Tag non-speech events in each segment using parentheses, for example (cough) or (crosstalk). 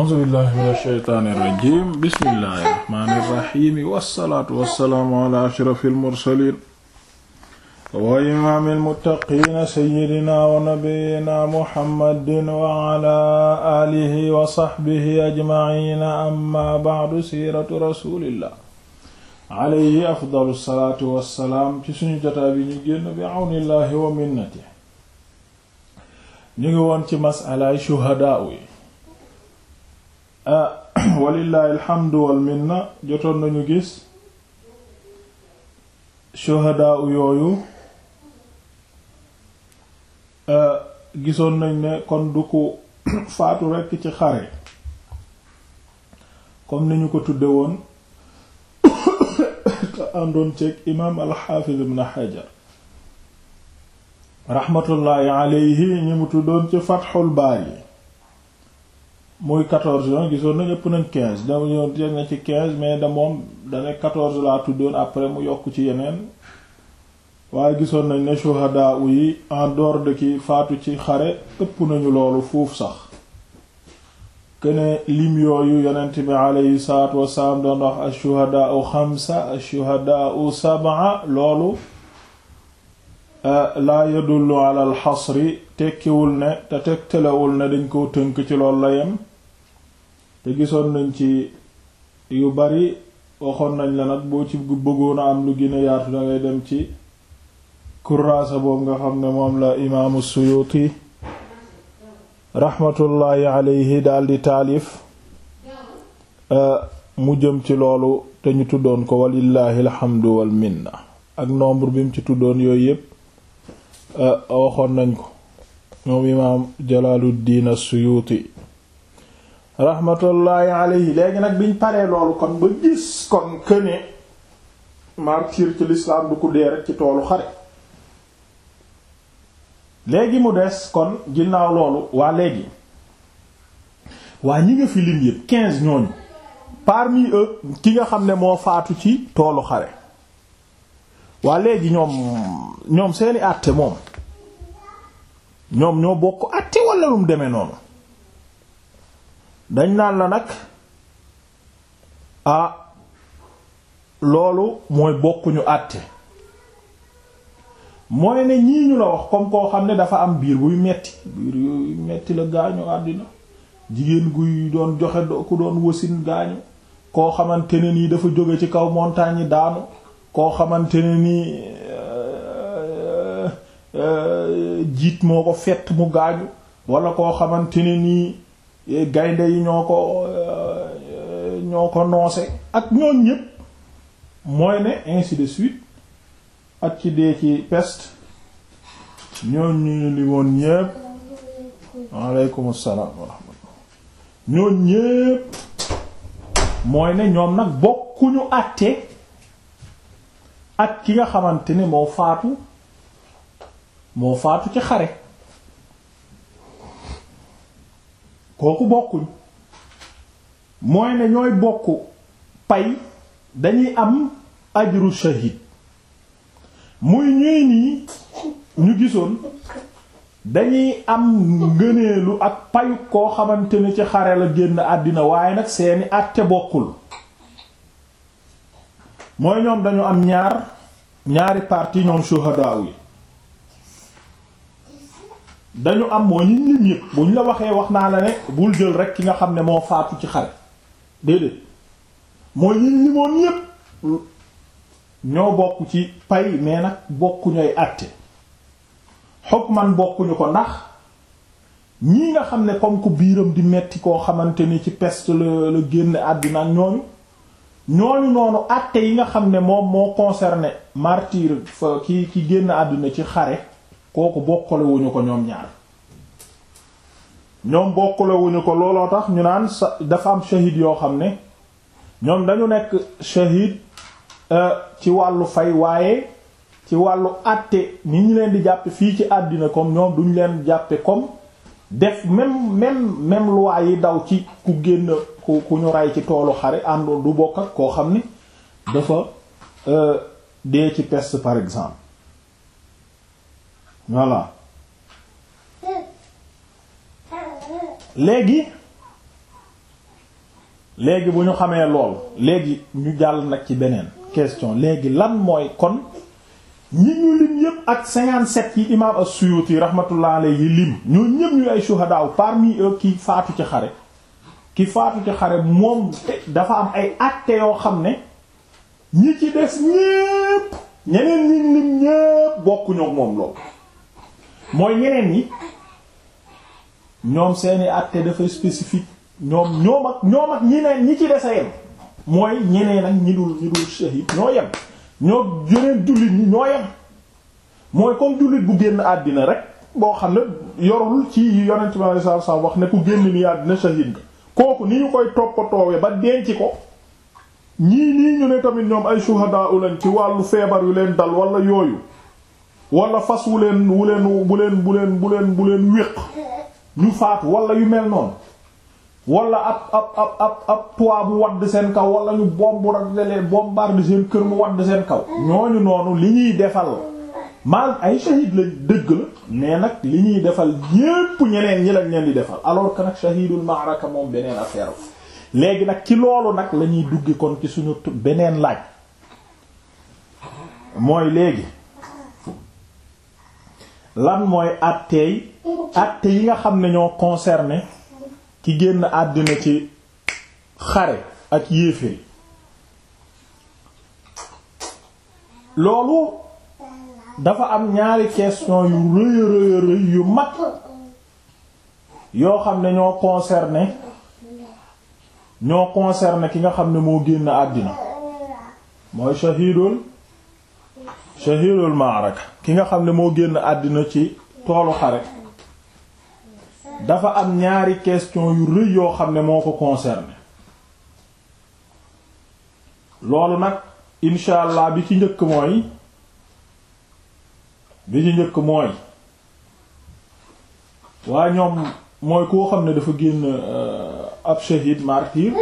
a'uuzu billahi mina shaytaani rajiim bismillahi rahmaani rahiim wassalaatu wassalaamu alaa ashrafil mursaliin wa imaamil muttaqiin sayyidinaa wa nabiyyinaa muhammadin wa alaa aalihi wa sahbihi ajma'iin amma ba'du siiratu rasuulillah alayhi afdalu salaatu wassalaam ci suñu jotaa bi ñu génn bi awnillahi wa minnatihi ñu ngi woon ci masalaay shuhadaa yi Ah, (clears throat) walillahi alhamdu wal jotoon nañu gis shuhadaa yooyu ah, gisoon nañ ne kon du ko (clears throat) faatu rekk ci xare comme ni ñu ko tudde woon te (coughs) àndoon ceeg imaam alxaafiz ibn xajar raxmatullaahi aleyhi ñi mu tuddoon ci fatxul baari mooy 14 yoon gisoon nañ ëpp nañ 15 da yoon teg na ci 15 mais da moom dane 14 laa tuddoon après mu yokk ci yeneen waaye gisoon nañ ne shuhada yi en dehors de ki faatu ci xare ëpp nañu loolu foofu sax kene lim yooyu yonent bi aleyhi salaatu wasalaam doon wax ashuhada u xamsa ashuhada u sab'a loolu eh, laa yadullu ala al xasri tekkiwul ne te tegtalewul ne dañ koo tënk ci loolu la yem te gisoon nañ ci yu bari waxoon nañ la nag boo ci bëggoon a am lu gën a yaatu dangay dem ci kuraasa boobu nga xam ne moom la imaamu suyuti raxmatullaahi aleyhi daldi taalif eh, mu jëm ci loolu te ñu tuddoon ko walillaahi alxamdu wal ak nombre bi mu ci tuddoon yooyu yépp eh, waxoon nañ ko moom imaam jalaaluddin as-suyuti rahmatullahi alayhi léegi nag biñ paree loolu kon ba gis kon këne martyr ci lislaam du ku dee rek ci toolu xare léegi mu des kon ginnaaw loolu waa léegi waa ñi nga fi lim yépp quinze ñooñu parmi eux ki nga xam ne moo faatu ci toolu xare waa léegi ñoom ñoom seeni àtte moom ñoom ñoo bokk àtte walla lu mu demee noonu dañ naan la nag ah loolu mooy bokkuñu àtte mooy ne ñii ñu la wax comme koo xam ne dafa am biir buy metti biir yu metti la gaañu àddina jigéen guy doon joxe ku doon wasin gaañu koo xamante ne nii dafa jóge ci kaw montagne daanu koo xamante ne nii euh, euh, jiit moo ko fett mu gaañu wala koo xamante ne nii Eh, gaynde yi ñoo ko eh, ñoo ko noose ak ñoon ñépp mooy ne ainsi de suite ak ci dee ci peste ñoon ñu li ñépp waaleykum salaam wa rahmatullah ñoon ñépp mooy ne ñoom nag bokkuñu àtte ak ki nga xamante ni moo faatu moo faatu ci xare kooku bokkul mooy ne ñooy bokku pay dañuy am ajru shahid muy ñuy nii ñu gisoon dañuy am ngëneelu ak payu koo xamante ni ci xare la génn àddina waaye nag seeni àtte bokkul mooy ñoom dañu am ñaar ñaari parti ñoom shuhada yi dañu am moo ñu lim yëpp bu ñu la waxee wax naa la ne bul jël rek ki nga xam ne moo faatu ci xare déedéet mooy ñi limoon yëpp ñoo bokk ci pay mais nag bokkuñooy àtte xukman bokkuñu ko ndax ñii nga xam ne comme ku biiram di metti koo xamante ni ci peste la la génn àddina ñooñu ñooñu noonu àtte yi nga xam ne moom moo concerné martyr fa ki ki génn àddina ci xare kooku bokkalewuñu ko ñoom ñaar ñoom bokkalewuñu ko looloo tax ñu naan sa dafa am shahid yoo xam ne ñoom dañu nekk shahid euh, ci wàllu fay waaye ci wàllu àtte ni ñu leen di jàppe fii ci àddina comme ñoom duñ leen jàppe comme def même même même loi yi daw ci ku génn ku ku ñu rey ci toolu xare àndoon du bokk ak koo xam ni dafa euh, dee ci peste par exemple voilà léegi léegi bu ñu xamee lool léegi ñu jàll nag ci beneen question léegi lan mooy kon ñi ñu lim yépp ak 57 yi imaam as-Suyuti rahmatullah alayhi lim ñoo ñépp ñu ay shuhada parmi eux ki faatu ci xare ki faatu ci xare moom dafa am ay acte yoo xam ne ñi ci des ñépp ñeneen ñi lim ñépp bokkuñu moom lool mooy ñeneen ñi ñoom seeni àtte dafa spécifique ñoom ñoom ak ñoom ak ñeneen ñi ci des mooy ñeneen ñi dul ñi dul shahid ñoo yem ñoo yeneen jullit ñi ñoo yem mooy comme jullit bu génn àddina rek boo xam ne yorul ci yonent bi sallallahu alayhi wasallam wax ne ku génn ni àddina shahid nga kooku ni ñu koy toppatoowee ba denc ko ñii nii ñu ne tamit ñoom ay shuhadaa lañ ci wàllu feebar yu leen dal wala yooyu wala fas wu leen wu leen bu leen bu leen bu leen bu leen wéq ñu faatu wala yu mel noonu wala ab ab ab ab ab toit bu wadd seen kaw wala ñu bombarder bombarder seen kër mu wadd seen kaw. ñooñu noonu li ñuy defal man ay shahid lañ dëgg la mais nag li ñuy defal ñépp ñeneen ñi lañ leen di defal alors que nag shahidul ma'raka moom beneen affaire léegi nag ci loolu nag lañuy ñuy duggi kon ci suñu beneen laaj mooy léegi. lan mooy àtteey àtte yi nga xam ne ñoo concerné ki génn àddina ci xare ak yéeféer loolu dafa am ñaari question yu rëy rëy rëy yu mag yoo xam ne ñoo concerné ñoo concerné ki nga xam ne moo génn àddina mooy shahidul shahidul ma'raka ki nga xam ne moo génn àddina ci toolu xare dafa am ñaari question yu rëy yoo xam ne moo ko concerné loolu nag incha allah bi ci njëkk mooy bi ci njëkk mooy waa ñoom mooy koo xam ne dafa génn euh, ab shahid martyr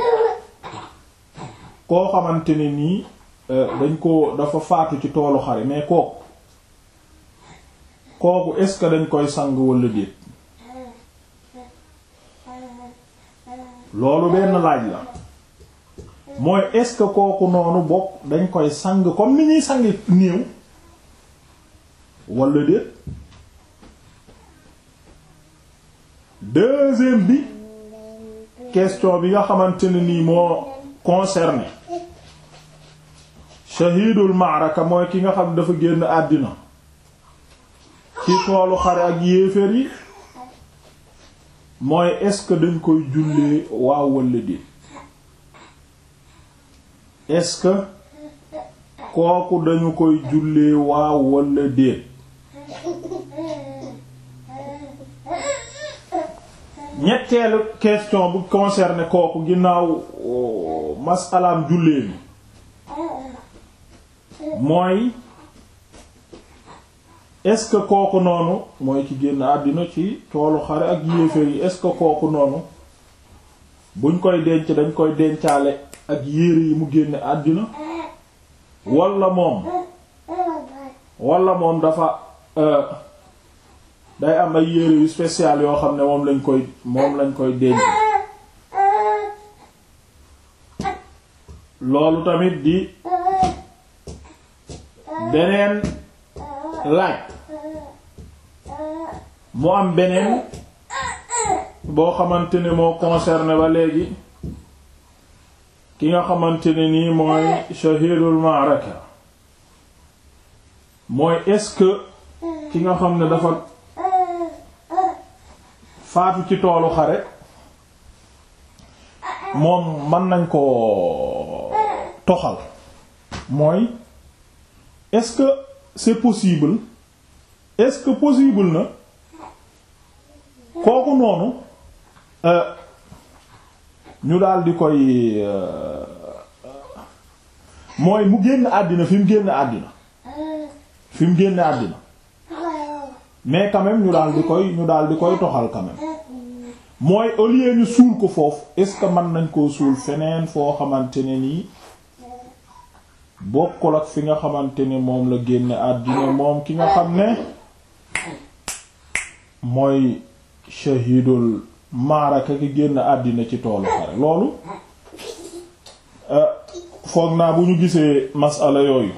koo xamante ne nii Euh, dañ ko dafa faatu ci toolu xare mais kooku kooku est-ce que dañ koy sang walla déet loolu benn laaj la mooy est kooku noonu bokk dañ koy sang comme ni ñuy sang néew walla déet deuxième bi question bi nga xamante ne nii moo concerné shahidul maaraka mooy ki nga xam dafa génn àddina ci toolu xare ak yéeféer yi mooy est-ce que dañ koy jullee waaw walla déet est-ce que kooku dañu koy jullee waaw walla déet ñetteelu question bu concerné kooku ginnaaw euh, masalaam jullee mi mooy est-ce que kooku noonu mooy ci génn àddina ci toolu xare ak yéeféer yi est-ce kooku noonu buñ koy denc dañ koy dencaale ak yére yi mu génne àddina walla moom walla moom dafa euh, day am ay yére yu spécial yoo xam ne moom lañ koy moom lañ koy denc loolu tamit di beneen laaj mu am beneen boo xamante ne moo concerné ba léegi ki nga xamante ne nii mooy shahidul ma'raka mooy est-ce que ki nga xam ne dafa faatu ci toolu xare moom mën nañ koo toxal mooy est-ce que c'est possible est-ce que possible na kooku noonu euh, ñu daal di koy euh, mooy mu génn àddina fi mu génn àddina fi mu génn àddina mais quand ñu daal di koy ñu daal di koy toxal quand mooy au lieu ñu suul ko foofu est-ce que mën nañ koo suul feneen foo xamante ne nii bokkul ak fi nga xamante ni moom la génne àddina moom ki nga xam ne mooy shahidul maaraka ki génn àddina ci toolu xare loolu eh, foog naa bu ñu gisee masala yooyu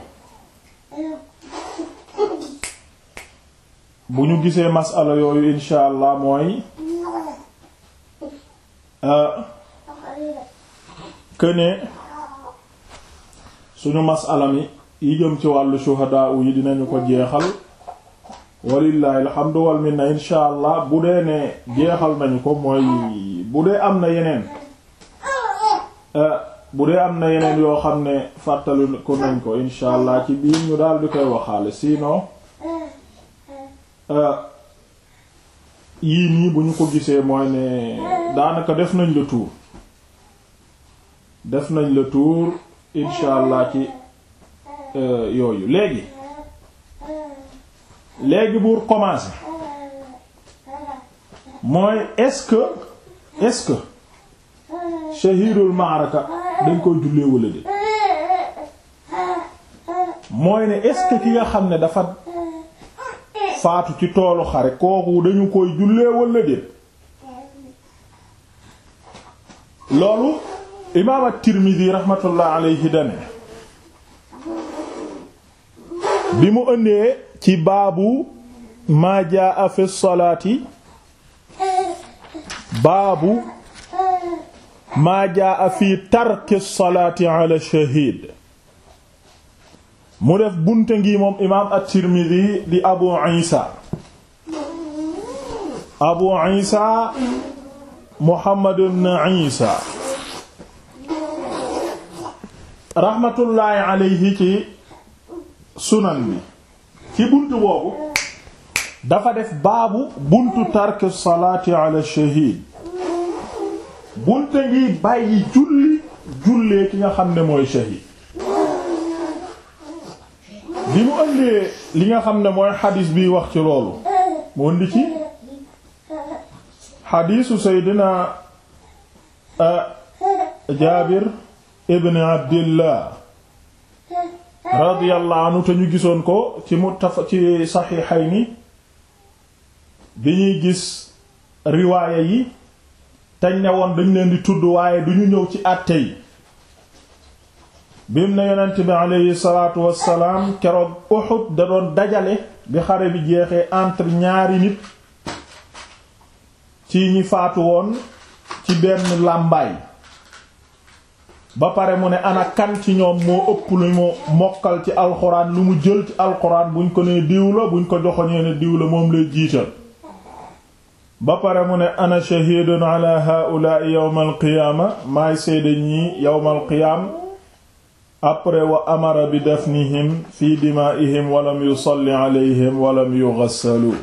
bu ñu gisee masala yooyu insha allah mooy këne eh, suñu masala mi yi jëm ci wàllu shuhadaa yi dinañu ko jeexal walillahi alhamdu wal minna insha allah bu dee ne jeexal nañu ko mooy bu dee am na yeneen eh, bu dee am na yeneen yoo xam ne fàttali ko nañ ko insha allah ci biir ñu daal di koy waxaale sinon eh, yii nii bu ñu ko gisee mooy ne daanaka def nañ le tour def nañ la tour incha allah ci euh, yooyu léegi léegi buur commencer mooy est-ce que est dañ koy jullee wala de mooy ne est ki nga xam ne dafa faatu ci toolu xare kooku dañu koy jullee wala de loolu imaam at-Tirmidhi alayhi dane bi mu ëndee ci baabu maa jaa fi salaati baabu maa jaa fi tarki salaati ala shahiid mu def bunte ngi moom imaam at-Tirmidhi di Abu Isa Abu Isa Muhammad ibn raxmatullaahi alayhi ci sunan bi ci bunt boobu dafa def baabu buntu tark salaati ala shahiid bunte ngi bàyyi julli jullee ki nga xam ne mooy shahiid bi mu ëndee li nga xam ne mooy xadiis bi wax ci loolu mu ëndi ci xadiisu seydina uh, Jaabir ibn abdillah radiyallahu te ñu gisoon ko ci muttafaq ci saxiixayni bi ñuy gis riwaaya yi teñ ne woon dañ leen di tudd waaye duñu ñëw ci àtte yi bim ne yonent bi aleyhi salaatu wassalaam keroog Uhud da doon dajale bi xare bi jeexee entre ñaari nit ci ñi faatu woon ci benn làmbaay ba pare mu ne ana kan ci ñoom moo ëpp lu mu mokkal ci alxuraan lu mu jël ci alxuraan buñ ko nee diw buñ ko joxoñee ne diw moom lay jiital ba pare mu ne ana shahidun ala haula'i yawmal qiyaama maay seede ñii yawmal qiyaam après wa amara bi dafnihim fi dimaa'ihim walam yusalli alayhim walam yughassalu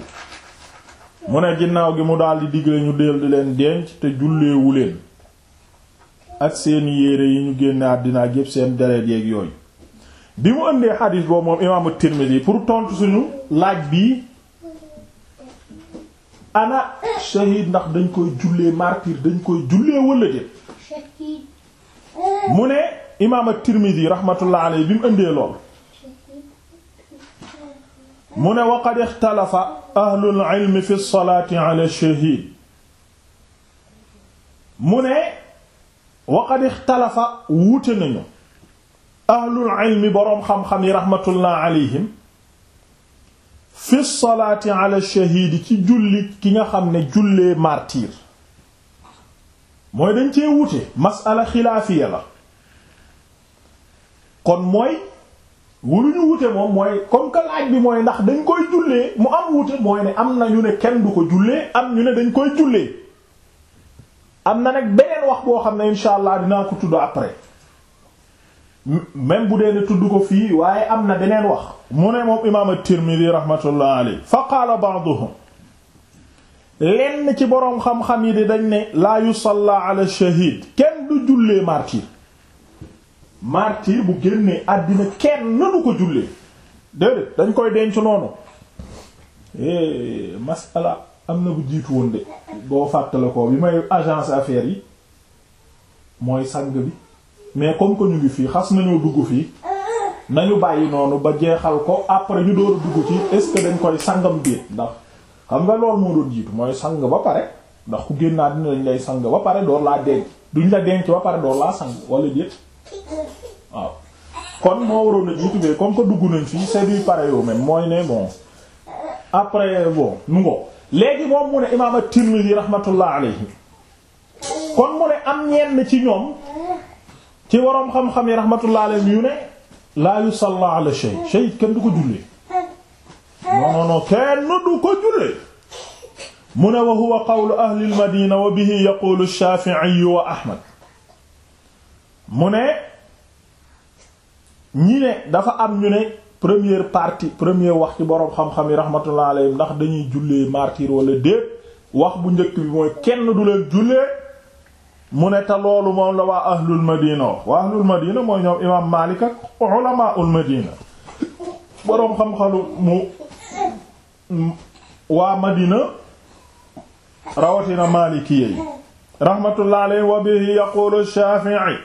mu ne ginnaaw gi mu daldi digle ñu del di leen denc te julleewu leen ak seen yére yi ñu génne àddina ak seen deret yeeg yooyu bi mu ëndee xadiis boobu moom imaamu Tirmidi pour tontu suñu laaj bi ana shahid ndax dañ koy jullee martyr dañ koy jullee wala mu ne imaam at-Tirmidi rahmatullah alayhi bi mu ëndee lool mu ne wa qad ixtalafa ahlul ilmi fi salaati ala shahid mu ne waqad ixtalafa wuute nañu ahlul ilmi boroom xam-xam yi rahmatullah alayhim fi salaati ala shahiidi ci julli ki nga xam ne jullee martyr mooy dañ cee wuute masala xilaafiya la kon mooy wuruñu wute moom mooy comme que bi mooy ndax dañ koy jullee mu am wute mooy ne am na ñu ne kenn du ko jullee am ñu ne dañ koy jullee am na nag beneen wax boo xam ne insha allah dinaa ko tudd après même bu dee ne tudd ko fii waaye am na beneen wax mu ne moom imaam at-Tirmidhi rahmatullah alayhi fa qaala ba'duhum lenn ci boroom xam-xam yi di dañ ne laa yusalla ala shahid kenn du jullee martyr martyr bu génnee àddina kenn du ko jullee déedéet dañ koy denc noonu eh, masala am na bu jiitu woon de boo fàttale ko bi may agence affaires yi mooy sang bi mais comme que ñu ngi fii xas nañoo dugg fii nañu bàyyi noonu ba jeexal ko après ñu door a dugg ci est-ce que dañ koy sangam biir ndax xam nga loolu moo doon jiitu mooy sang ba pare ndax ku génnaat dina dañ lay sang ba pare door laa denc duñ la denc ba pare door laa sang wala déet waaw kon moo waroon a jiitu mais comme que dugg nañ fii c'est du pareil au même mooy ne bon après bon mu léegi moom mu ne imaam at-Tirmidhi rahmatullah kon mu am ñenn ci ñoom ci waroom xam-xam yi rahmatullah alayhi yu ne laa yusalla ala shay shay kenn du ko kenn du ko jullee wa huwa qawlu ahli al wa bihi yaqulu ash-Shafi'i wa Ahmad mu ne dafa am ñu premier partie premier wax ci boroom xam-xam yi rahmatullah alayhim ndax dañuy jullee martir wala déet wax bu njëkk bi mooy kenn du leen jullee mu ne te loolu moom la waa ahlul madina waa ahlul madina mooy ñoom imaam Maalik ak waa madina rawatina maalikiyyi rahmatullah alayhi wa bihi yaqulu Shaafi'i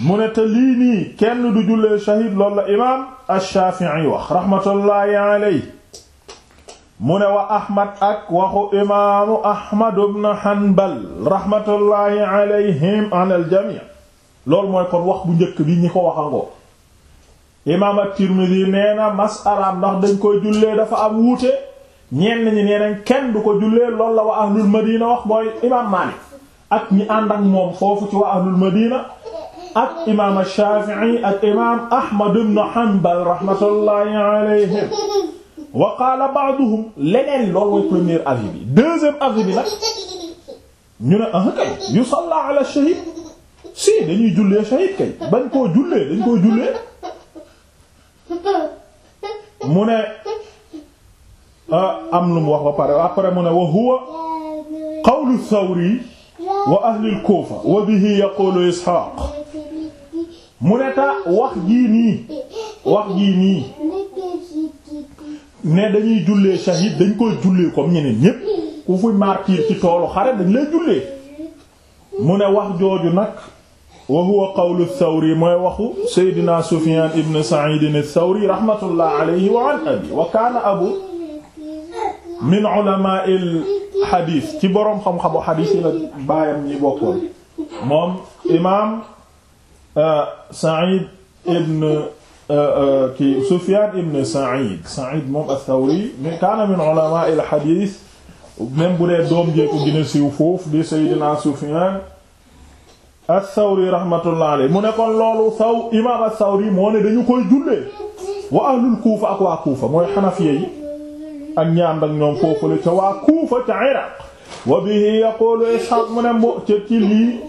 mu ne te lii nii kenn du jullee shahid loolu la imaam ash-Shafi'i wax rahmatullahi alayhi mu ne wa Ahmad ak waxu imaamu Ahmad ibn Hanbal rahmatullahi alayhim an al-jami' loolu mooy kon wax bu njëkk bi ñi ko waxangoo imaam at nee na masalaam ndax dañ koy jullee dafa am wuute ñenn ñi nee kenn du ko jullee loolu la wa ahlul madina wax mooy imaam Maalik ak ñi ànd moom foofu ci wa ahlul madina ak imaam Shaafi'i ak imaam Ahmad ibn Hanbal rahmatullahi alayhim wa qaala ba'duhum leneen loolu mooy premier avis bi deuxième avis bi nag ñu ne ah kay yusalla ala shahid si dañuy jullee shahid kay bañ koo jullee dañ koo jullee mu ne ah, am lu mu wax ba pare après mu ne wa huwa qawlu Thawri wa ahlil kuufa wa bihi yaqulu isxaaq mu ne wax jii nii wax ne dañuy jullee shahid dañ koy jullee comme ñeneen ñépp ku fuy martyr ci toolu xare dañ lay jullee mu ne wax jooju nag wa huwa qawlu Thawri mooy waxu Seydina Sufyaan ibn Sa'iid ath-Thawri rahmatullah wa an abi wa kaana abu min ulamaa'il xadiis ci boroom xam-xamu xadiis yi la baayam ñi bokkoon moom imaam euh, Saïd ibn euh, euh, kii Sufyaan ibn Saïd Saïd moom ath-Thawri mi kaana min ulamaa'il xadiis même bu dee doom jee ko gën a siiw foofu di Seydina Sufyaan ath-Thawri rahmatullahi alayhi mu ne kon loolu saw imaam ath-Thawri moo ne dañu koy jullee wa ahlul Kuufa ak waa Kuufa mooy Xanafiya yi ak ñaand ak ñoom foofule ca waa Kuufa ca Iraq wa bihi yaqulu Isxaaq mu ne mbo ca ci lii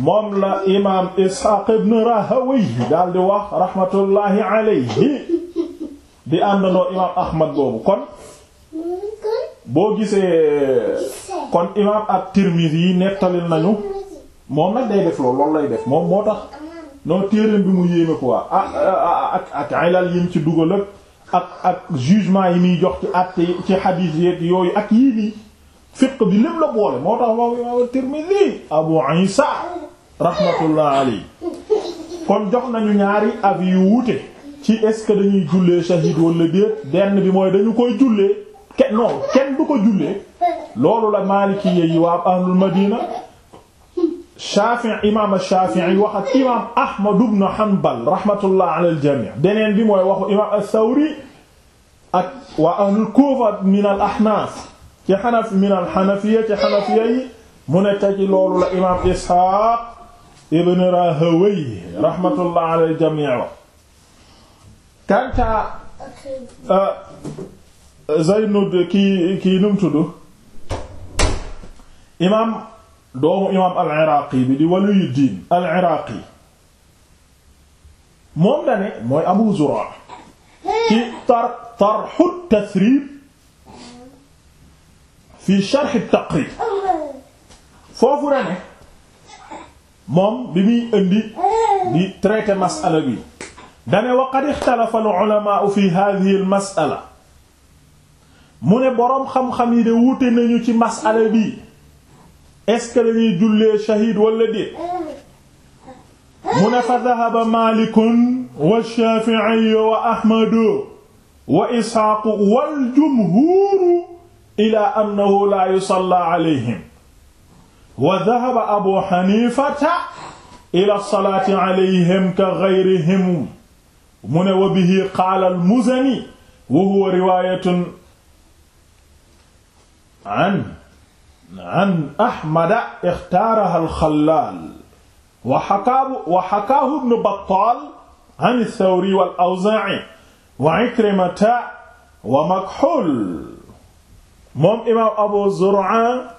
moom la imaam Isxaaq ibn Rahawayh daal di wax rahmatullahi alayhi di àndandoo imaam Ahmad boobu kon boo gisee kon imaam at-Tirmidhi yi nettalil nañu moom nag day def loolu loolu lay def moom moo tax non téereem bi mu yéeme quoi ah ak ak ilal yim ci dugal ak ak ak jugement yi muy jox ci àtte ci xadiis yooyu ak yii nii fiq bi lépp la boole moo tax waaw waaw Tirmidhi Abu Isa rahmatullah alayhi kon jox nañu ñaari avis yu wuute ci est-ce que dañuy jullee shahid wala déet benn bi mooy dañu koy jullee kenn non du ko jullee loolu la Maalikiyya yi waa ahlul Madina Shafi'i imaam Shafi'i wax ak imaam Ahmad ibn Hanbal rahmatullah ala al-jami' beneen bi mooy waxu imaam as-Sawri ak waa ahlul Kufa min al-Ahnaf ci xanaf min al-Hanafiyya ci Hanafiyya yi mu ne taji loolu la imaam Ishaq ibn Rahawayh rahmatullah ala al-jami' wa kanta Zaynud ki ki num tudd imaam doomu imaam al-Iraqi bi di Waliyuddin al-Iraqi moom la mooy Abu Zura ci tar tarxu tasrib fi sharh at-taqrib foofu la moom bi muy indi di traité masala bi dane wa qad ixtalafa al-ulama fi hadhihi al mu ne boroom xam-xam yi de wuute nañu ci masala bi est-ce que lañuy jullee shahid wala déet mu ne fa dahaba malikun wa shafi'i wa ahmadu wa isxaaqu wal jumhuuru ila annahu la yusalla alayhim wa dahaba abu xanifata ila salaati alayhim ka gayrihim mu ne wa bihi qaala al-muzani wa huwa riwaayatun an an ahmada ixtaaraha alxallaal wa xakaahu wa xakaahu ibnu battaal an thawri wal awzaa'i wa ikrimata wa makxul moom imaam abu zur'a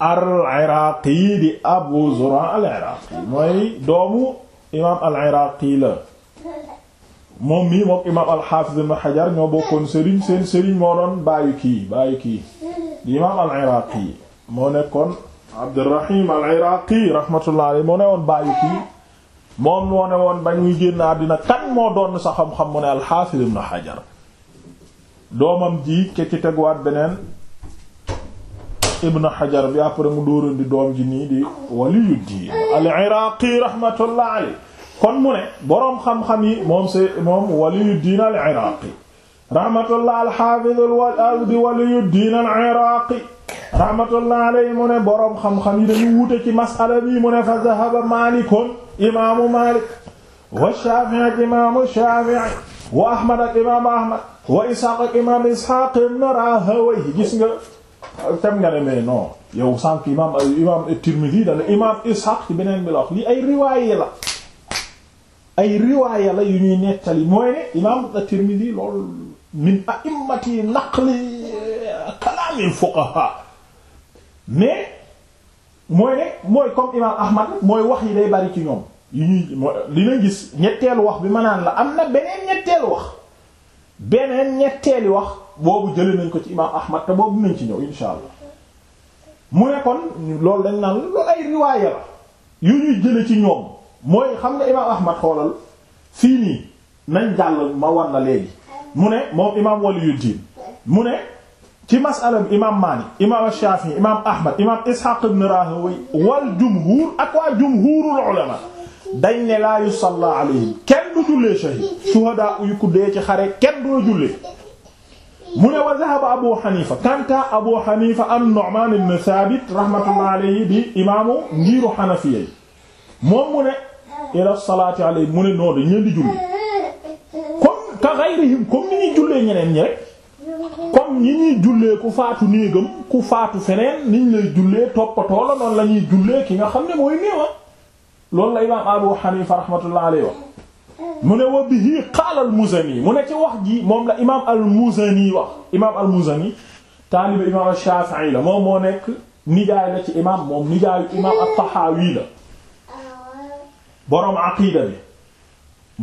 al-iraaqi di abu zur'a al-iraaqi mooy doomu imaam al-iraaqi la moom mii moom imaam al-Hafiz ibn Hajar ñoo bokkoon Serigne seen Serigne moo doon baayu kii baayu kii di imaam al moo nekkoon Abdurrahim al-Iraqi rahmatullah ne woon baayu kii moom moo ne woon ba ñuy génn àddina kan moo doon sa xam-xam mu ne al-Hafiz ibn Hajar doomam ji ke ci teguwaat beneen ibn Hajar bi après mu dóorandi doom ji nii di waliyuddin al-Iraqi rahmatullah kon mu ne boroom xam-xam yi moom se moom waliyuddin al iraqi rahmatullah alxaafiduldi waliyuddin al iraqi rahmatullah alayhi mu ne boroom xam-xam yi dañu wuute ci masala bi mu ne fa zahaba malikun imaamu malik wa shafii ak imaamu shafii wa ahmad ak imaamu ahmad wa isxaaq ak imaamu isxaaq ibn rahaway gis nga tam nga ne mais non yow sànq imaam imaam tirmidi dala imaam isxaaq ci beneen bi la wax li ay riwaaye la ay riwaaya la yu ñuy nettali mooy ne imaam at-Tirmidhi lool min a'immati naqli kalaamil fuqaha mais mooy ne imaam Ahmad mooy wax yi day bari ci ñoom yu ñuy dina gis ñetteelu wax bi ma naan la am na beneen ñetteelu wax beneen ñetteeli wax boobu jëlee nañ ko ci imaam Ahmad te boobu nañ ci ñëw insha allah mu ne kon loolu dañ naan loolu ay riwaaya la yu ñuy jëlee ci ñoom. mooy xam nga imaam ahmad xoolal fii nii jàll ma war na mu ne moom imaam waliyuddin mu ne ci masala bi imaam maalik imaam shafii imaam ahmad imaam ishaq wal jumhur ak waa jumhurul ulama dañ ne laa yusalla alayhim kenn jullee shahid shuhadaa yu ku ci xare kenn jullee mu ne wa dhahaba abu xanifa kanta abu xanifa am nu'man ibn thabit rahmatullah bi imaamu ngiiru xanafiya moom mu ne ila salaati alayhi mu ne noonu dañ leen di julli comme ka ghayrihim comme ni ñuy ñeneen ñi rek comme ñi ñuy jullee ku faatu néegam ku faatu feneen niñ lay jullee toppatoo la noonu la ñuy ki nga xam ne mooy néewa ah. loolu la imaam Abu Hanifa rahmatullah alayhi wax mu ne wa bihi qaala al-Muzani mu ne wax ji moom la imaam al wax imaam al taaliba imaam al-Shafi'i la moom moo nekk nijaay la ci imaam moom nijaayu la borom aqiida bi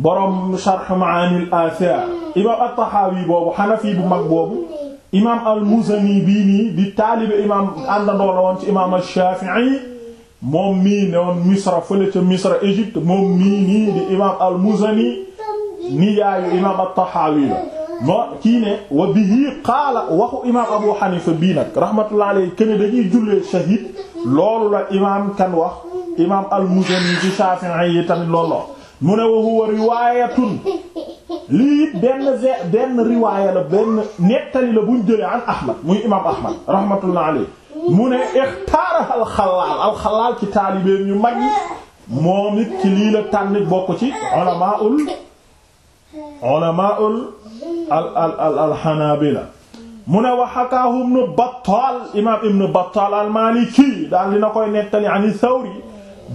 boroom sharh ma'aanil aasaar imaam at-Taxaawi boobu xanafi bu mag boobu imaam al-Muzani bii nii di taalibe imaam àndandoo la woon ci imaam al-Shaafi'i moom mii ne woon Misra fële ca Misra Égypte moom mii nii di al-Muzani ni yaayu imaam at-Taxaawi la moo kii ne wa Abu Xanifa bii nag rahmatullahi alayhi kenn dañuy jullee shahiid loolu kan wax. imaam al-Muzani ci Shafi'i yi tamit loolu mu ne wa huwa riwaayatun lii it benn benn riwaaya la benn nettali la buñ jëlee an Ahmad muy imaam Ahmad rahmatullah alayhi mu ne ixtaaraha al-Xallaal al-Xallaal ci taalibeen ñu mag yi moom it ci lii la tànn bokk ci ulamaa'ul ulamaa'ul al al al al-Hanaabila mu ne wa hakaahu Ibn Battaal imaam Ibn Battaal al-Maaliki daal dina koy nettali an Sawri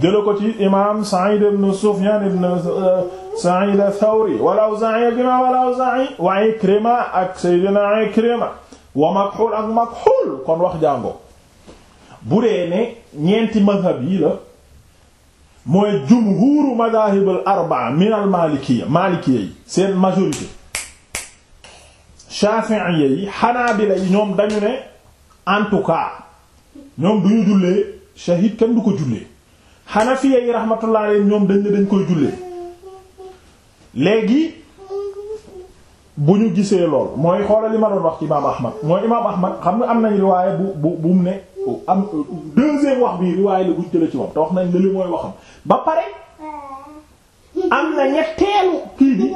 jëla ko ci imam Sa'id ibn Sufyan ibn Sa'id Thawri wal Awza'i ak imam al Awza'i wa Ikrima ak Seydina Ikrima wa Makhul ak Makhul kon wax jàngo bu ne ñeenti madhab yi la mooy jumhuuru madahib arba'a min al malikiyya malikiyya seen majorité shafi'iyya yi hanabila yi ñoom dañu ne en tout cas ñoom duñu shahid kenn ko jullee xanafiya yi rahmatullah alayhim ñoom dañ dañ koy jullee léegi bu ñu gisee lool mooy xoolal li ma doon wax ci imaam Ahmad mooy imaam Ahmad xam nga am nañ riwaaya bu bu bu mu ne am deuxième wax bi riwaaya la buñ jëlee ci moom te wax nañ la li mooy waxam ba pare am na ñetteelu kii bi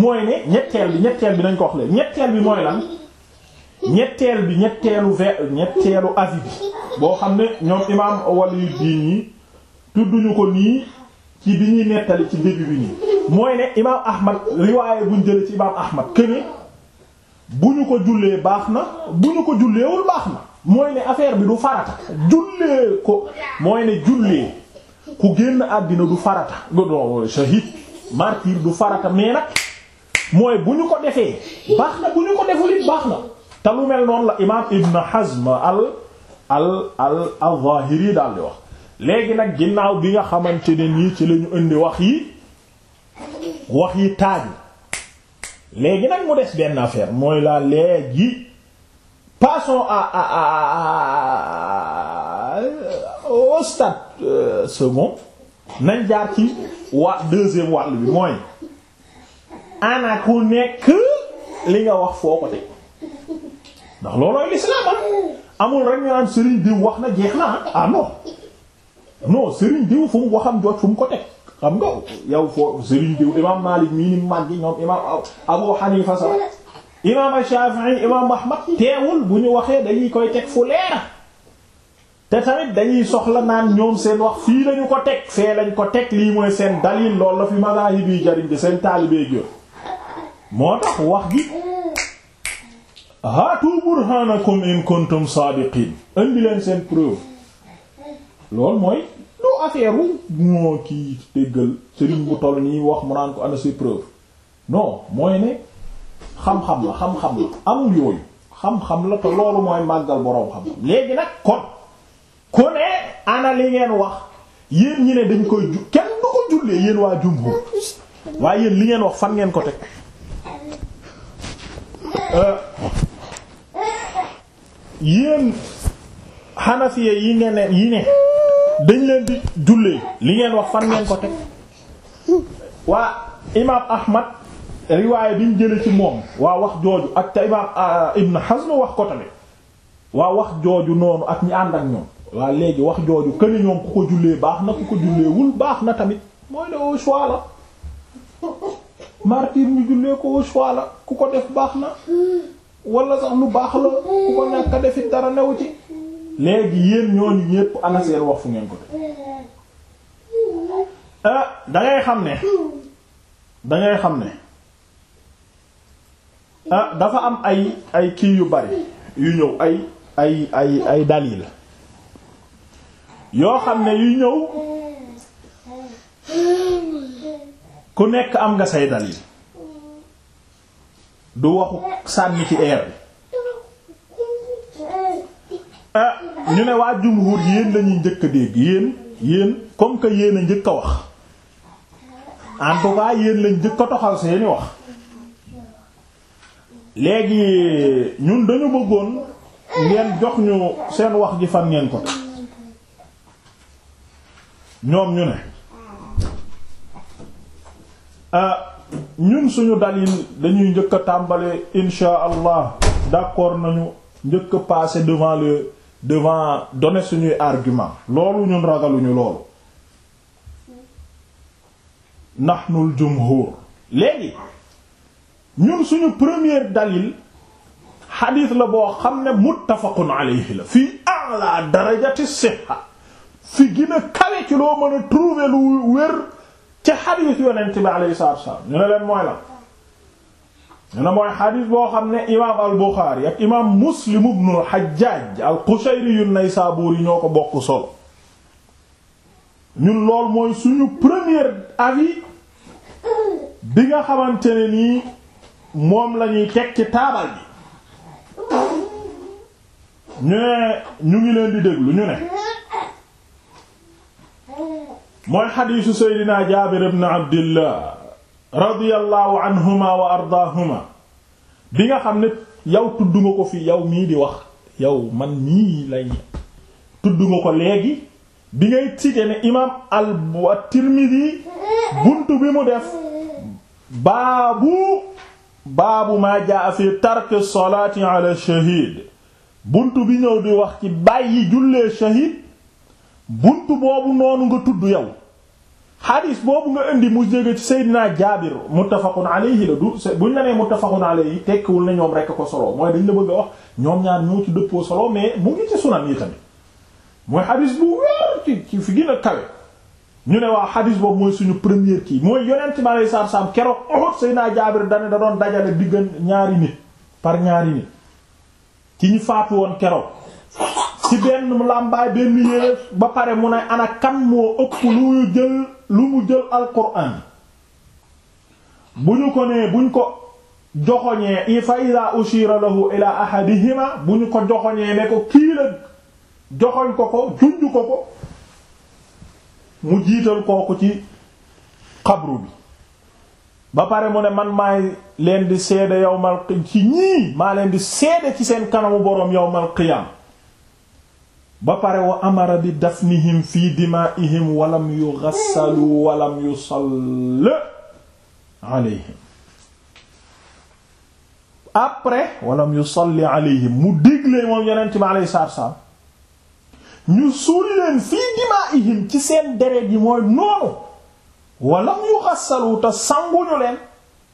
mooy ne ñetteel bi ñetteel bi nañ ko wax leen ñetteel bi mooy lan ñetteel bi ñetteelu ve ñetteelu avis bi boo xam ne ñoom imaam Walid yi tudduñu ko nii ci bi ñuy nettali ci début bi nii mooy ne imaam ahmad riwaaye buñ jële ci imaam ahmad këne bu ñu ko jullee baax na bu ñu ko julleewul baax na mooy ne affaire bi du farata jullee ko mooy ne jullee ku génn àddina du farata do shahid martyr du farata mais nag mooy bu ñu ko defee baax na bu ñu ko deful it baax na te lu mel noonu la imaam ibn hazm al al al al zahiri daal di wax léegi nag ginnaaw bi nga xamante ne nii ci lañu indi wax yi wax yi taaju léegi nag mu des benn affaire mooy la léegi passons à à à au stade euh, second nañ jaar ci wa deuxième wàll bi mooy ana li nga wax foo ko teg ndax ah. amul rek ñu naan sëriñ diw wax na jeex na ah, ah non Serigne Diou fu mu waxam jot fu ko teg xam nga yow foo Serigne Diou imaam Malik mii ni mag yi ñoom imaam Abu Hanifa sax imaam Shafi'i imaam Ahmad teewul bu ñu waxee dañuy koy teg fu leer te tamit dañuy soxla naan ñoom seen wax fii lañu ko teg fee lañ ko teg lii mooy seen dalil loolu la fi mazahib yi jariñ de seen taalibee gi moo tax wax gi haatu burhanakum in kuntum saadiqin indi leen seen preuve loolu mooy lu affaire wu moo kii déggal sëriñ bu toll nii wax mu naan ko ana ses preuves non mooy ne xam-xam la xam-xam la amul yooyu xam-xam la te loolu mooy màggal boroom xam léegi nag kon ku ne ana li ngeen wax yéen ñi ne dañ koy ju kenn du ko jullee yéen waa jumhur waaye yéen li ngeen wax fan ngeen ko teg euh, yéen xanafiye yi nga ne yi ne dañ leen di jullee li ngeen wax fan ngeen ko teg waa imaam Ahmad riwaaya bi ñu jëlee ci moom waa wax jooju ak te imaam ah, Ibn Hazm wax ko tamit waa wax jooju noonu ak ñi ànd ak ñoom waa léegi wax jooju këni ñoom ku ko jullee baax na ku ko wul baax na tamit mooy la au choix la martyr jullee ko au choix la ku ko def baax na wala sax lu baax la ku ko ñàkk a defit dara newu ci léegi yéen ñooñu ñépp ana seen wax fu ngeen ko te ah, da xam ne da xam ne ah, dafa am ay ay kii yu bari yu ñëw ay ay ay ay dalil yoo xam ne yu ñëw ku nekk am nga say dalil du waxu sànni ci air bi Ah, ñu ne waa jumhur yéen lañuy njëkk a dégg yéen yéen comme que yéen a njëkk a wax en yéen lañ njëkk a toxal seeni wax léegi ñun dañu bëggoon ngeen jox ñu seen wax ji fan ngeen ko ñoom ñu ne ah, ñun suñu dalil dañuy njëkk a tàmbale insha allah d'accord nañu njëkk a passer devant le devant donner suñuy argument loolu ñun ragaluñu loolu nahnul jumhur léegi ñun suñu premier dalil xadiis la boo xam ne muttafaqun alayhi la fii a'la darajati sihha fi gën a kawe ci loo mën a trouver lu wér ci xadiis yonent bi alayhi salaatu salaam ñu ne leen mooy la ñu ne mooy xadis boo xam ne imaam al Buxaari ak imaam Muslim ibnu al Hajjaaj al Qushayri yu Naysaabuuri ñoo ko bokk solo ñun lool mooy suñu premier avis bi nga xamante nii moom la ñuy teg ci taabal bi ñu ne ñu ngi leen di déglu ñu ne mooy xadiisu Seydina Jaabir ibn Abdillah radiyallahu anhuma wa ardaahuma bi nga xam ne yow tudd nga ko fi yow mii di wax yow man mii lay tudd nga ko léegi bi ngay cité ne imaam al-Tirmidhi buntu bi mu def baabu baabu maa jaa fi tarki salaati ala shahid buntu bi ñëw di wax ci bàyyi jullee shahid bunt boobu noonu nga tudd yow xadis boobu nga indi mu jóge ci Seydina Jaabir muttafaqun alayhi la du buñ la nee muttafaqun alayhi tekkiwul na ñoom rekk ko solo mooy dañ la bëgg a ñoom ñaar ñoo ci dëppoo solo mais mu ngi ci sunan yi tamit mooy xadis bu wér ci fi gën a kawe ñu ne waa xadis boobu mooy suñu première kii mooy yonent bi alayhi salaatu salaam keroog Uhud Seydina Jaabir dane da doon dajale diggan ñaari nit par ñaari nit ci ñu faatu woon keroog ci benn lambaay benn yéer mu ne ana kan moo ëpp lu mu jël alquran bu ñu ko nee buñ ko joxoñee fa ida ushira lahu ila ahadihima bu ñu ko joxoñee ne ko kii la joxoñ ko ko junj ko ko mu jiital kooku ci xabru bi ba pare mu ne man maay leen di seede yowmal ci ñii maa leen di seede ci seen kanamu boroom yowmal qiyam ba pare wa amara bi dafnihim fi dimaa'ihim walam yughassalu walam yusalli alayhim après walam yusalli alayhim mu digle moom yonent bi alayhi salaatu salaam ñu suul leen fii dimaa'ihim ci seen deret yi mooy noonu walam yughassalu te sanguñu leen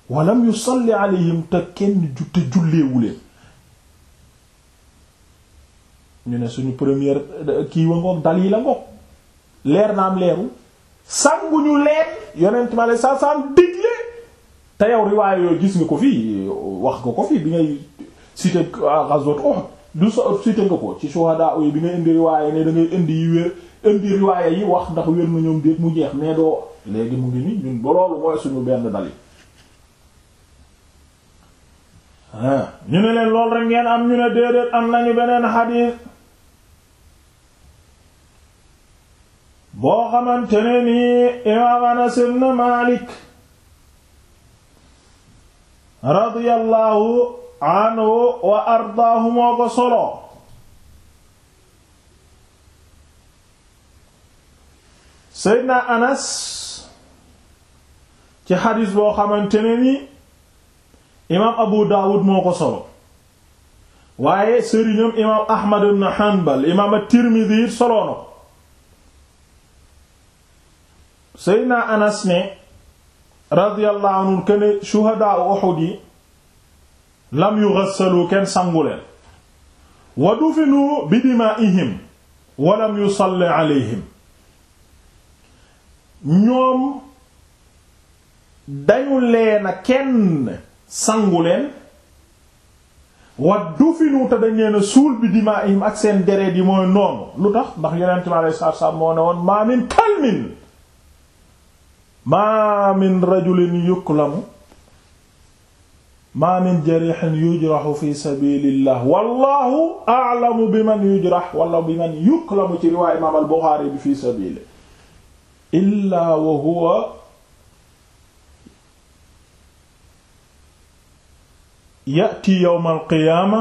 walam yusalli alayhim te kenn te julleewu leen ñu ne suñu première euh, kii wa ngoog dal yi la ngoog leer naa am leeru sangu ñu leen yonent ma lay sa sam digle te yow riwaay yooyu gis nga ko fii wax nga ko fii bi ngay cité ghazwat Uhud du so cité nga ko ci shuhada yi bi ngay indi riwaay ne da indi yi wér indi riwaay yi wax ndax wér na ñoom déet mu jeex mais doo léegi mu ngi ni ñun ba loolu mooy suñu benn dali ah, ñu ne leen loolu rek ngeen am ñu ne déedéet am nañu beneen xadiis boo xamante ne nii imaam Anas ibn Maalik radiyallahu wa ardaahu moo ko solo Seydina Anas ci xadis boo xamante ne ni imaam Abu Daawud moo ko solo waaye sëriñam imaam Ahmad ibn Hanbal imaam at-Tirmidhi solo na Seydina Anas ne radiyallahu anhu këne shuhadaa Uhud yi lam yughassalu kenn sanguleen wa dufinu bi dimaa'ihim wa lam yusalli alayhim ñoom dañu leena kenn sanguleen wa dufinu te dañ leena suul bi dimaa'ihim ak seen deret yi mooy noonu lu tax ndax Yonent bi alayhi moo ne woon maa min maa min rajulin yuklamu maa min jarihin yujrahu fi sabilillah wallahu a'lamu biman yujrah wala biman yuklamu ci riwaay imaam al-Buxaari bi fi sabili illa wa huwa ya'ti yawmal qiyaama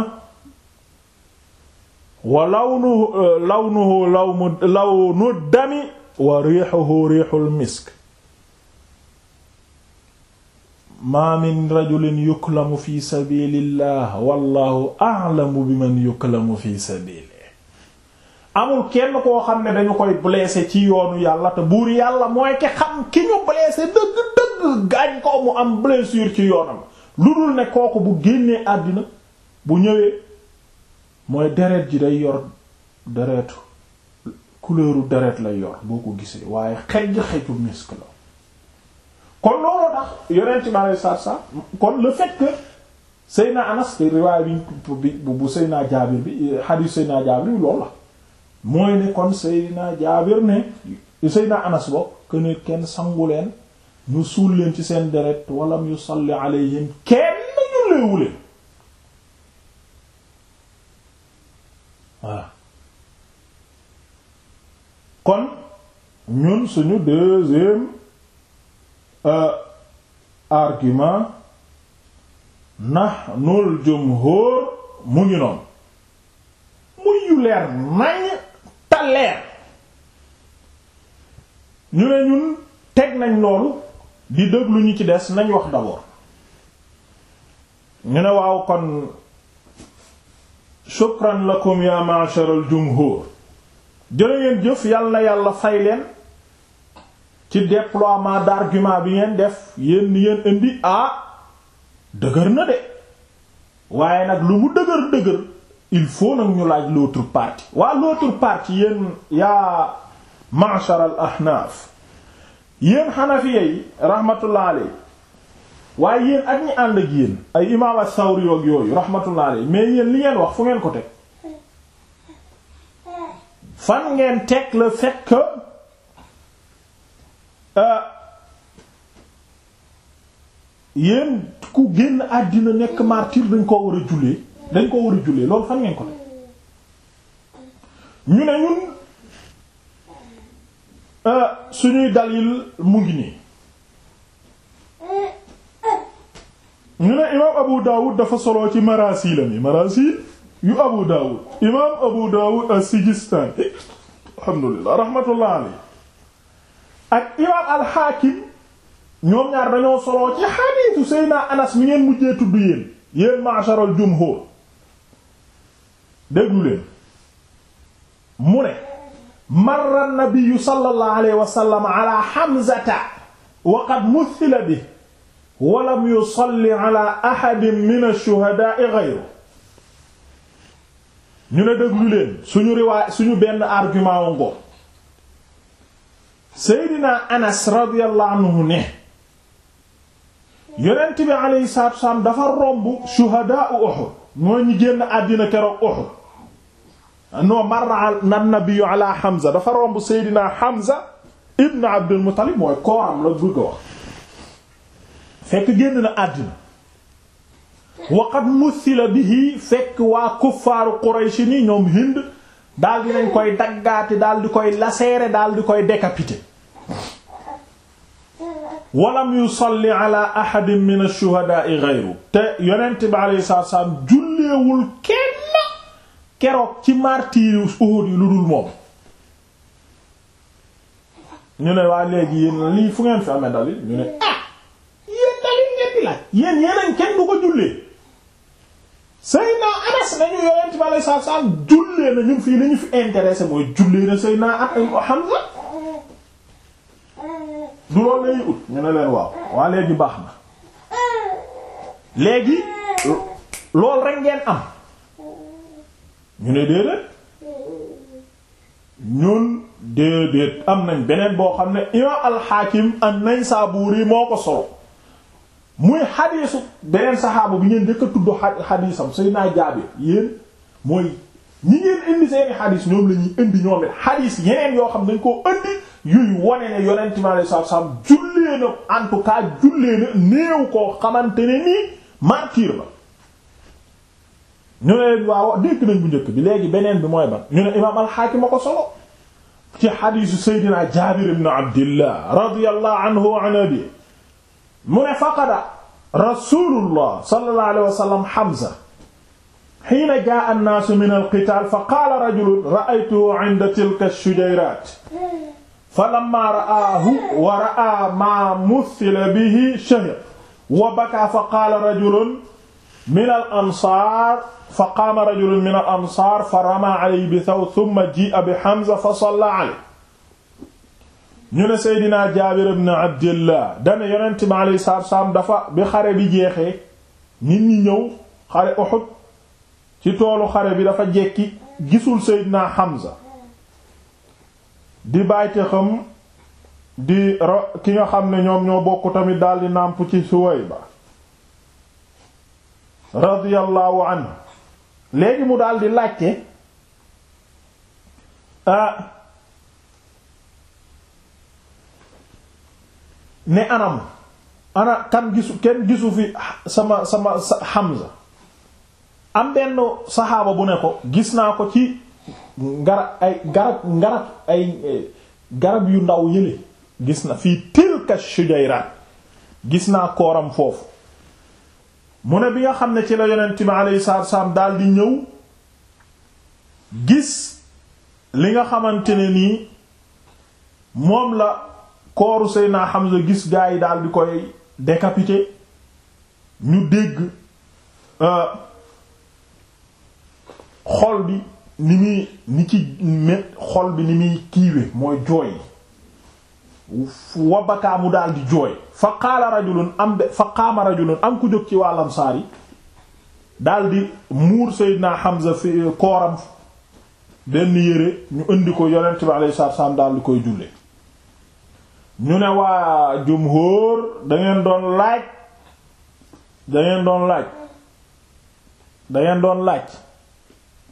wa lawnuhu lawnuhu lawnu dami wa riihuhu riihul misk maa min rajulin yuklamu fi sabilillah wallahu a'lamu biman yuklamu fi sabilihi amul kenn koo xam ne dañu koy blessé ci yoonu yàlla te buur yàlla mooy ki xam ki ñu blessé dëgg-dëgg gaañ ko mu am blessure ci yoonam lu dul ne kooku bu génnee àddina bu ñëwee mooy deret ji day yor deretu couleuru deret lay yor boo ko gisee waaye xejj xeju misk la kon looloo tax yonent bi alei satu salam kon le fekk que Seyna Anas riwaay bi bu Seyna Jaabir bi hadith Seyna Jaabir bi loolu la mooy ne kon Seyna Jaabir ne Seyna Anas bo que kenn sangu leen ñu suul leen ci seen deret walam yusalli alayhim kenn julleewu leen voilà kon ñun suñu deuxième Euh, argument nahnul jumhur mu ngi noonu muy yu leer nañ ta leer ñu ne ñun teg nañ loolu di déglu ñu ci des nañ wax d'abord ñu ne waaw kon shukran lakum ya ma'shar al jumhur jërë jëf yàlla na yàlla fay leen ci déploiement d'argument bi ngeen def yéen ni ngeen indi ah dëgër na de waaye nag lu mu dëgër dëgër il faut nag ñu laaj l'autre partie waa l'autre partie yéen yaa ma'shar al ahnaf yéen xanafiya rahmatullah alay waaye yéen ak ñi ànd ak yéen ay imaam as-Sawri yoog yooyu rahmatullah alay mais yéen li ngeen wax fu ngeen ko teg fan ngeen teg le fait Ah. yéen ku génn àddina nekk martyr dañ koo war a jullee dañ koo war a jullee loolu fan ngeen ko ne ah, ñu ne imaam Abu Dawud dafa soloo ci marasilam yi marasil yu Abu Dawud imaam Abu Dawud as-Sijistani alhamdulillah rahmatullah alayhi ak imaam alxaakim ñoom ñaar dañoo soloo ci xadiisu Seydina Anas mi ngeen mujjee tudd yéen yéen ma'sharal jumhur déglu leen mu ne marra nabiyu sallallahu alayhi Hamzata wa qad muthila bi wa lam yusalli ala ahadin min ash-shuhada'i ghayru ñu ne déglu leen suñu riwaay suñu benn argument wongo seydina anas radiyallahu ne yonent bi alayhi salaatu dafa romb shuhadaa Uhud mooy ñi génn àddina keroog Uhud noo marra an-nabiyyu ala Hamza dafa romb seydina Hamza ibn Abdul Muttalib mooy kooram la bëgg fekk génn na àddina wa qad muthila bihi fekk waa kuffaaru Quraysh ni ñoom Hind daal dinañ koy daggaate daal di koy laseere daal di koy décapité walam yusalli ala ahadin min ash-shuhada'i ghayru te yonent bi alayhi salaatu salaam julleewul kenn keroog ci martiru Uhud yi lu dul moom ñu ne waa léegi yéen lii fu ngeen fi amee dalil ñu ne ah kenn du ko jullee Seydina Anas nañu ci wàllu saaf jullee na ñun fii li fi intéressé mooy jullee na Seydina ak Hamza du loolu lañuy ut ñu ne leen waaw waa léegi baax na léegi loolu rek ngeen am ñu ne déedéet ñun déedéet am nañ beneen boo xam ne imaam al-Hakim an-Naysaburi moo ko solo muy xadiisu beneen saxaabu bi ngeen dëkk a tudd xadiisam Seydina Jaabir yéen mooy ñi ngeen indi seeni xadis ñoom la ñuy indi ñoom it xadis yeneen yoo xam dañ koo indi yuy wone ne yonent mi alayhi salaatu salaam jullee na en tout cas koo xamante ne nii martyr la ñu ne waaw dégg nañ bu njëkk bi léegi beneen bi mooy ban ñu imaam al a ko solo ci xadiisu Seydina Jaabir ibn Abdillah radiyallahu anhu wa an abi mu faqada rasulullah sallallahu alayhi wa Hamza hiina jaa annaasu min alqitaal fa qaala rajulun ra'aytuhu 'inda tilka ash-shujayraat fa lammaa ra'aahu wa ra'aa maa muthila bihi shahida wa bakaa fa qaala rajulun min al-ansaar fa qaama rajulun min al-ansaar fa ramaa 'alayhi bi thawb thumma jii'a bi Hamza fa sallaa 'alayhi ñu ne Seydina Jaabir ibn Abdillah dana Yonent bi alayhi salaatu wa salaam dafa bi xare bi jeexee nit ñi ñëw xare Uhud ci toolu xare bi dafa jekki gisul Seydina Hamza di bàyte xam di ki nga xam ne ñoom ñoo bokk tamit daldi nàmp ci Suwayba radiyallahu anhu léegi mu daldi laajte ah ne anam ana kan gisu kenn gisu fi sama sama Hamza am benn saxaaba bu ne ko gis naa ko ci ngarab ay garab ngarab ay eh, garab yu ndaw yële gis na fii tilka shujayrat gis naa kooram foofu mu ne bi nga xam ne ci la yonent bi alayhi salaatu wasalaam daal di ñëw gis li nga xamante ne nii moom la kooru Seydina Hamza gis gaa yi daal di koy décapité ñu dégg euh, xol bi ni muy ni ci xol bi ni muy kiiwe mooy jooy wabakaa mu daal di jooy fa qaala rajulun am de fa qaama rajulun am ku jóg ci waa lamsaar yi daal di muur Seydina Hamza fi eh, kooram benn yére ñu indi ko yonent bi alayhi salaatu salaam daal di koy julle ñu ne waa jumhur dangeen doon laaj dangeen doon laaj dangeen doon laaj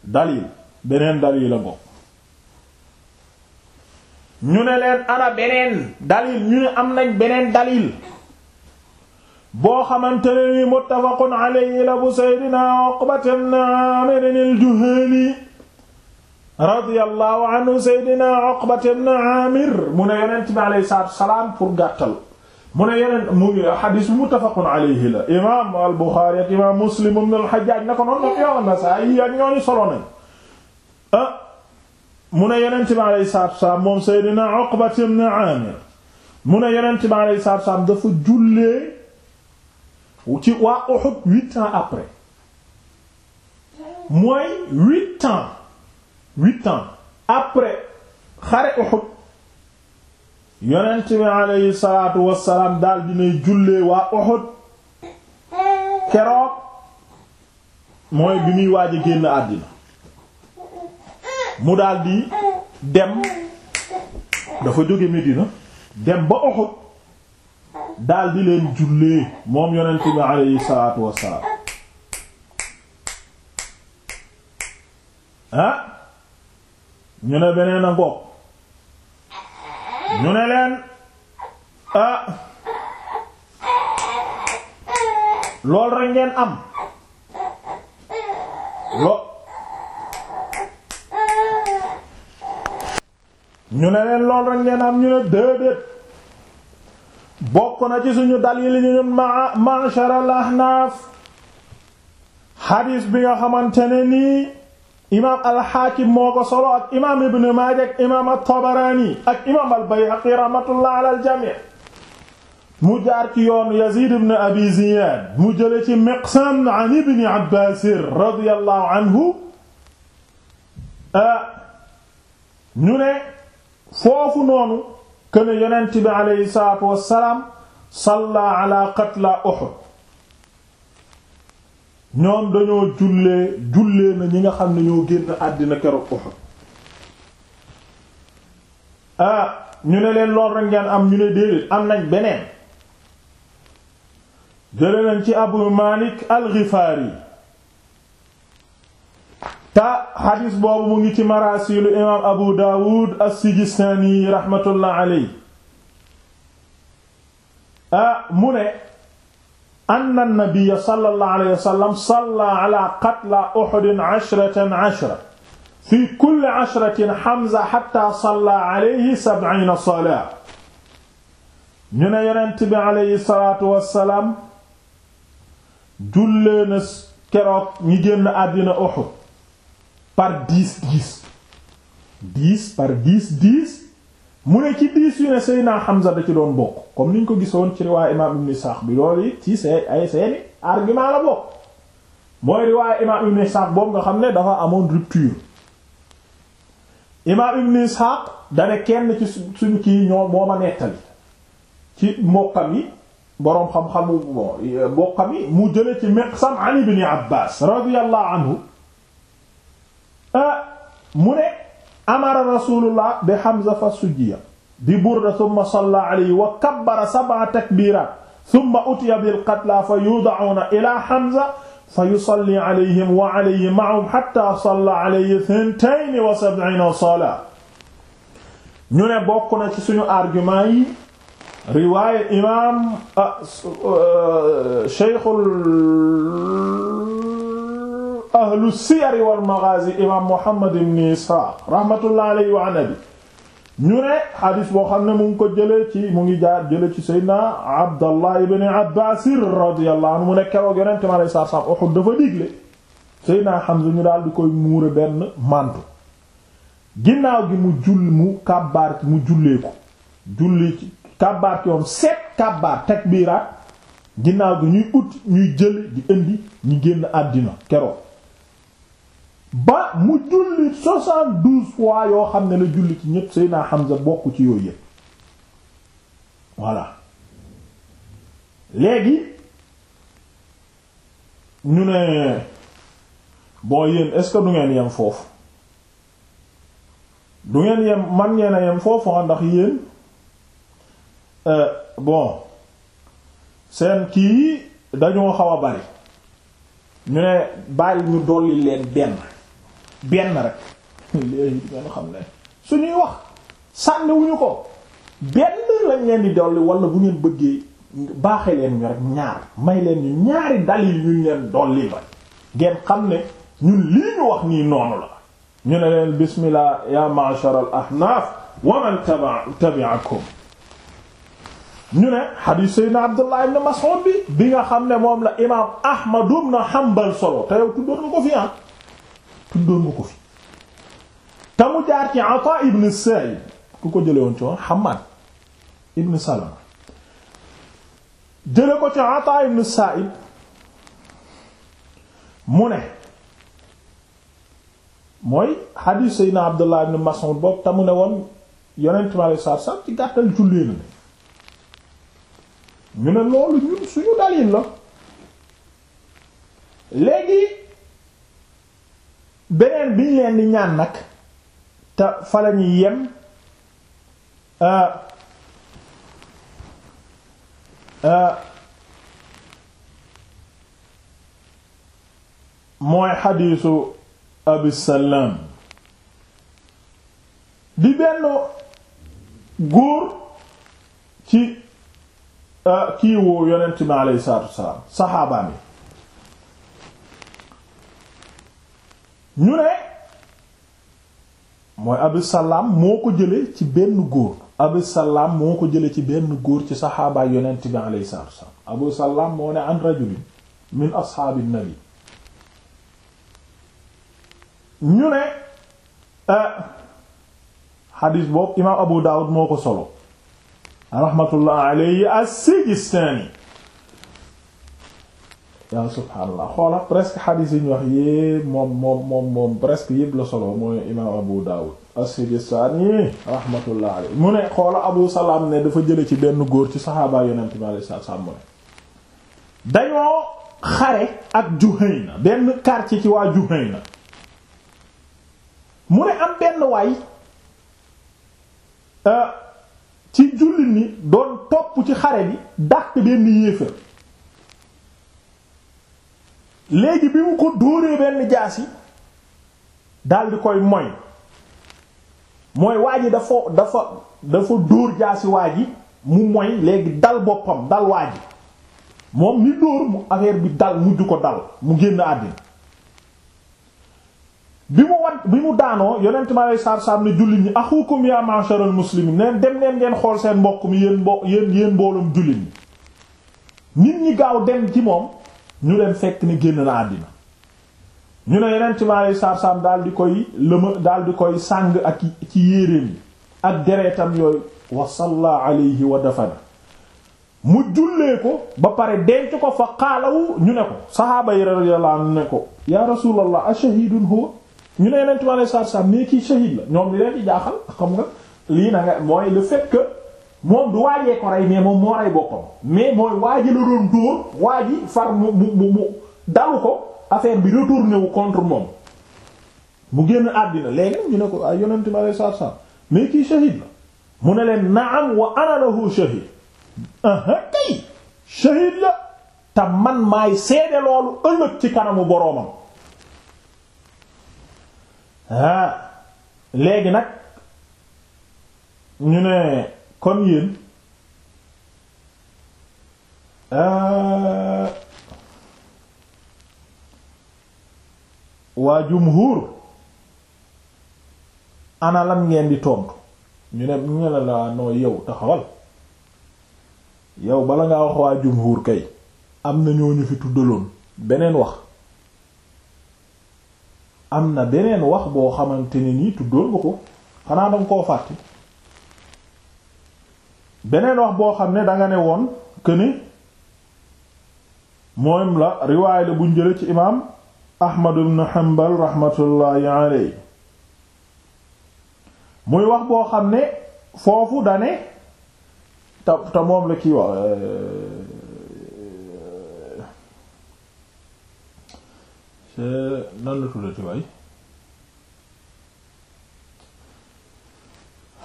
dalil beneen dalil la ñu ne leen ana beneen dalil ñu ne am nañ beneen dalil boo xamante ne ni muttafaqun alayhi la bu seydina Uqbata ibn Aamir al-Juhani radiyallahu anhu seydina Uqbata ibn Aamir mu ne yonent bi alayhi salaatu salaam pour gàttal mu ne yeneen mu ngi xadis bi muttafaqun alayhi la imaam al Buxaari ak imaam Muslim ibn al Hajjaaj na ko noonu moom yow Nasaa'i ak ñooñu solo nañ ah mu ne yeneen ci maaley saab saab moom Seydina Uqba ibn Aamir mu ne yeneen ci maaley saab saab dafa jullee ci waa Uhud huit ans après mooy huit ans huit ans après xare Uhud yonent bi aleyhi salaatu wassalaam daal dinay jullee waa Uhud keroog mooy bi muy waaj a génn àddina mu daldi dem dafa jóge Medina dem ba Uhud daal di leen jullee moom yonent bi aleyhi salaatu wassalaam ah ñu ne beneen a ngoog ñu ne leen ah loolu ngeen am ñu ne leen lool rek ngeen am ñu ne déedéet bokk na ci suñu dal yi li ñu ñun ma ma'shar al ahnaaf xadiis bi nga xamante nii imaam alxaakim moo ko solo ak imaam ibn maaja ak imaam at-tabaraani ak imaam al-bayhaqi rahmatullah ala al-jamii mu jaar ci yoonu yazid ibn abi ziyad mu jële ci miqsam an ibn abbaas radiyallahu anhu ah, ñu ne foofu noonu kën yonent bi alayhi salaatu wassalaam salla ala qatla uhud ñoom dañoo jullee jullee na ñi nga xam ne ñoo génn àddina keroog Uhud ah ñu ne leen lool rek ngeen am ñu ne déedéet am nañ beneen jële ci Abu Malik al-Ghifari ta xadis boobu mu ngi ci marasilu imaam Abu Dawud as-Sijistani rahmatullah alayhi ah mu ne anna an-nabiyya sallallahu alayhi wa sallam salla ala qatla Uhud ashratan ashra fi kulli ashratin Hamza hatta salla alayhi sab'iina salaa ñu ne yonent bi alayhi salaatu wassalaam jullee na keroog ñi génn àddina Uhud par dix dix dix par dix dix mu ne ci diis yu ne Seydina Hamza da ci doon bokk comme niñ ko gisoon ci riwaay imaam Ibn Ishaq bi loolu it ci see ay seeni argument la bokk mooy riwaay imaam Ibn Ishaq boobu nga xam ne dafa amoon rupture imaam Ibn Ishaq dane kenn ci suñ kii ñoo moo ma nettali ci mbokkam yi boroom xam-xamu mbokkam yi mu jële ci Miqsam an Ibn Abbas radiyallahu anhu ah, mu ne amara rasulullah bi Hamza fa sujjiya bi burda thumma salla alayhi wa kabbara sab'a takbirat thumma utiya bil qatla fa yud'una ila Hamza fa yusalli alayhim wa alayhi ma'ahum hatta salla alayhi thnatayn wa sab'ina salaa ñu ne bokk na ci suñu argument yi riwaaya imaam ah, euh, Shaykhul ahlu siyar wal maghazi imam Muhammad ibn Ishaq rahmatullah alayhi wa anabi ñu ne xadis boo xam ne mu ngi ko jëlee ci mu ngi jaar jëlee ci Seydina Abdallah ibn Abbas radiyallahu anhu mu ne keroog Yonent mi alayhi salaatu salaam Uhud dafa digle Seydina Hamza ñu daal di koy muure benn mantu ginnaaw gi mu jull mu kàbbaar mu jullee ko julli ci kàbbaar ci yoon sept kàbbaar ginnaaw gi ñuy ut ñuy jël di indi ñu génn àddina keroog ba mu julli soixante-douze fois yoo xam ne la julli ci naa xam Hamza bokk ci yooyu yépp voilà léegi ñu ne bon yéen est du ngeen yem foofu du ngeen yem man ngeen a yem foofu ah, ndax yéen euh, bon seen kii dañoo xaw a bari ñu ne bàyyi ñu dolli leen benn benn rek léegi ngeen xam ne suñuy wax sànniwuñu ko benn lañ leen di dolli wala bu ngeen bëggee baaxe leen ñu rek ñaar may leen ñu ñaari dalil ñu leen dolli la ngeen xam ne ñun lii ñu wax nii noonu la ñu ne leen bismillah ya ma'shar al wa man tabi'akum ñu ne xadiis seydna abdullah bi bi nga xam ne moom la imam ahmad ibn hanbal solo te yow tuddoon nga ko fi ah tuddoon nga ko fi te mu jaar ci Ata ibn Sa'id ku ko jële woon ci woon Hammad ibn Salama jële ko ci Ata ibn Sa'id mu ne mooy hadith Seydina Abdullah ibn Mas'ud boobu te mu ne woon yonent mi alayhi salaatu salaam ci gàttal jullee na ñu ne loolu ñun suñu dalil la léegi beneen biñ leen di ñaan nag te fa la ñuy yem euh, euh, mooy xadiisu abi salaam di benn góor ci euh, kiiwu yonent bi aleyhi salaatu wasalaam saxaabaa mi ñu ne mooy Abu Salaam moo ko jële ci benn góor Abu Salaam moo ko jële ci benn góor ci saxaabaay yonent bi alayhi salaatu wa salaam Abu Salaam moo ne an rajulin min ashaabi nabi ñu ne eh, xadiis boobu imaam Abu Daawud moo ko solo raxmatullah alayhi as-Sijistaani yaa subhaanallah xoola presque xadiis yi ñu wax yépp moom moom moom moom presque yépp la solo mooy imaam Abu Dawud as-Sijistaani mu ne xoola Abu Salaam ne dafa jële ci benn góor ci saxaabaa yonent bi alayhi mu ne ci waa Juhayna mu am benn waay euh, ci jullit ni doon topp ci xare bi dàq benn yéefar léegi bi mu ko dóoree benn jaas daldi dal di koy moy mooy waa yi dafa dafa dafa dóor jaasi waa yi mu moy léegi dal boppam dal waa ji moom ni dóor mu affaire bi dal mujj ko dal mu génn àddina bi mu wat bi mu daanoo yonent ma lay saar-saar ne jullit ñi axukum yaa ma'sharal muslimin neen dem leen ngeen xool seen mbokk mi yéen mbo yéen yéen mboolum jullit ñi nit ñi gaaw dem ci moom ñu dem fekk ne génn na àddina ñu ne yeneen ci maaley sarsam daal di koy lëma daal di koy sàng ak ci yéreem yi ak deretam yooyu wa salla alayhi wa dafana mu jullee ko ba pare denc ko fa xaalawu ñu ne ko sahaaba yi radiyallahu ne ko ya rasulallah a shahidun huwa ñu ne yeneen ci maaley sarsam mais kii shahid la ñoom leen di jaaxal xam nga lii na nga mooy le fait moom du waajee ko rey mais moom moo rey boppam mais mooy waaji la doon dóor waaji far mu mu mu dalu ko affaire bi retourné wu contre moom mu génn àddina léegi ñu ne ko ah yonente mi alei satu mais kii shahid mu ne leen naam wa ana lahu shahid man maay seede loolu ci kanamu boroomam ah léegi nag ñu ne kon yéen euh, waa jumhur ana lan ngeen di tontu ñu ne ñu ne la la noo yow taxawal yow bala ngaa wax waa jumhur kay am na ñoo ñu fi tuddaloon beneen wax am na beneen wax boo xamante ne nii tuddoon nga ko xanaa danga koo fàtte beneen wax boo xam ne danga ne woon këne moom la riwaay la buñ jële ci imaam ahmad ibn hanbal rahmatullahi alayhi muy wax boo xam ne foofu dane te te moom la kii wax euh, euh, nan la tuddati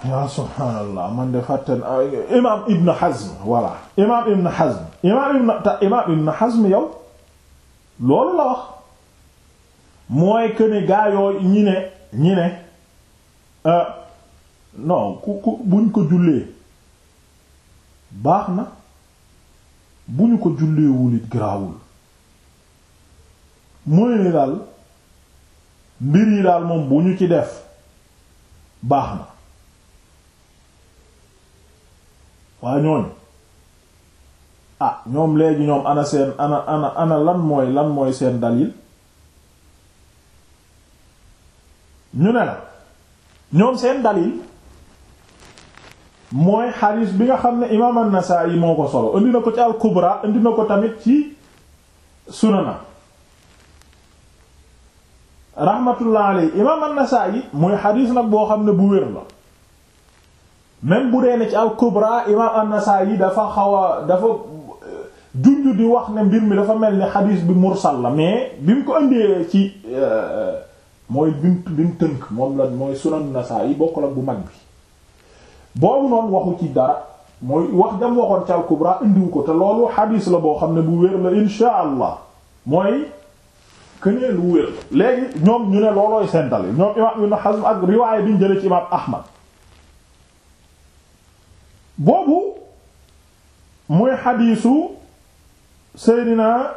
yaa subhaanallah man de fàttan imaam Ibn Hazm voilà imaam Ibn Hazm imaam Ibn ta yow loolu la wax mooy que ne gaa ñi ne ñi ne euh, non ku ku buñ ko jullee baax na bu ñu ko jullee wulit garaawul mooy ne daal mbir yi daal moom bu ñu ci def baax na. waa ñooñu a ah, ñoom léegi ñoom ana seen ana ana ana lan mooy lan mooy seen dalil ñu ne la ñoom seen dalil mooy xadiis bi nga xam ne imaam an yi moo ko solo indi na ko ci al-Kubra indi na ko tamit ci sunana rahmatullah alayhi imaam an yi mooy xadiis nag boo xam ne bu wér la même bu dee ne ci al-Kubra imaam nasaa yi dafa xaw a dafa euh, junj di wax ne mbir mi dafa mel ni xadiis bi mursal la mais bi mu ko indee ci euh, mooy bi mu bi tënk moom la mooy sunan an-Nasaa'i bokk la bu mag bi boobu noonu waxu ci dara mooy wax jam waxoon ci al-Kubra indiwu ko te loolu xadiis la boo xam ne bu wér la insha allah mooy kënee lu wér léegi ñoom ñu ne loolooy seen dal ñoom imaam Ibn Hazm ak riwaaya bi ñu jëlee ci imaam Ahmad boobu mooy xadiisu seydina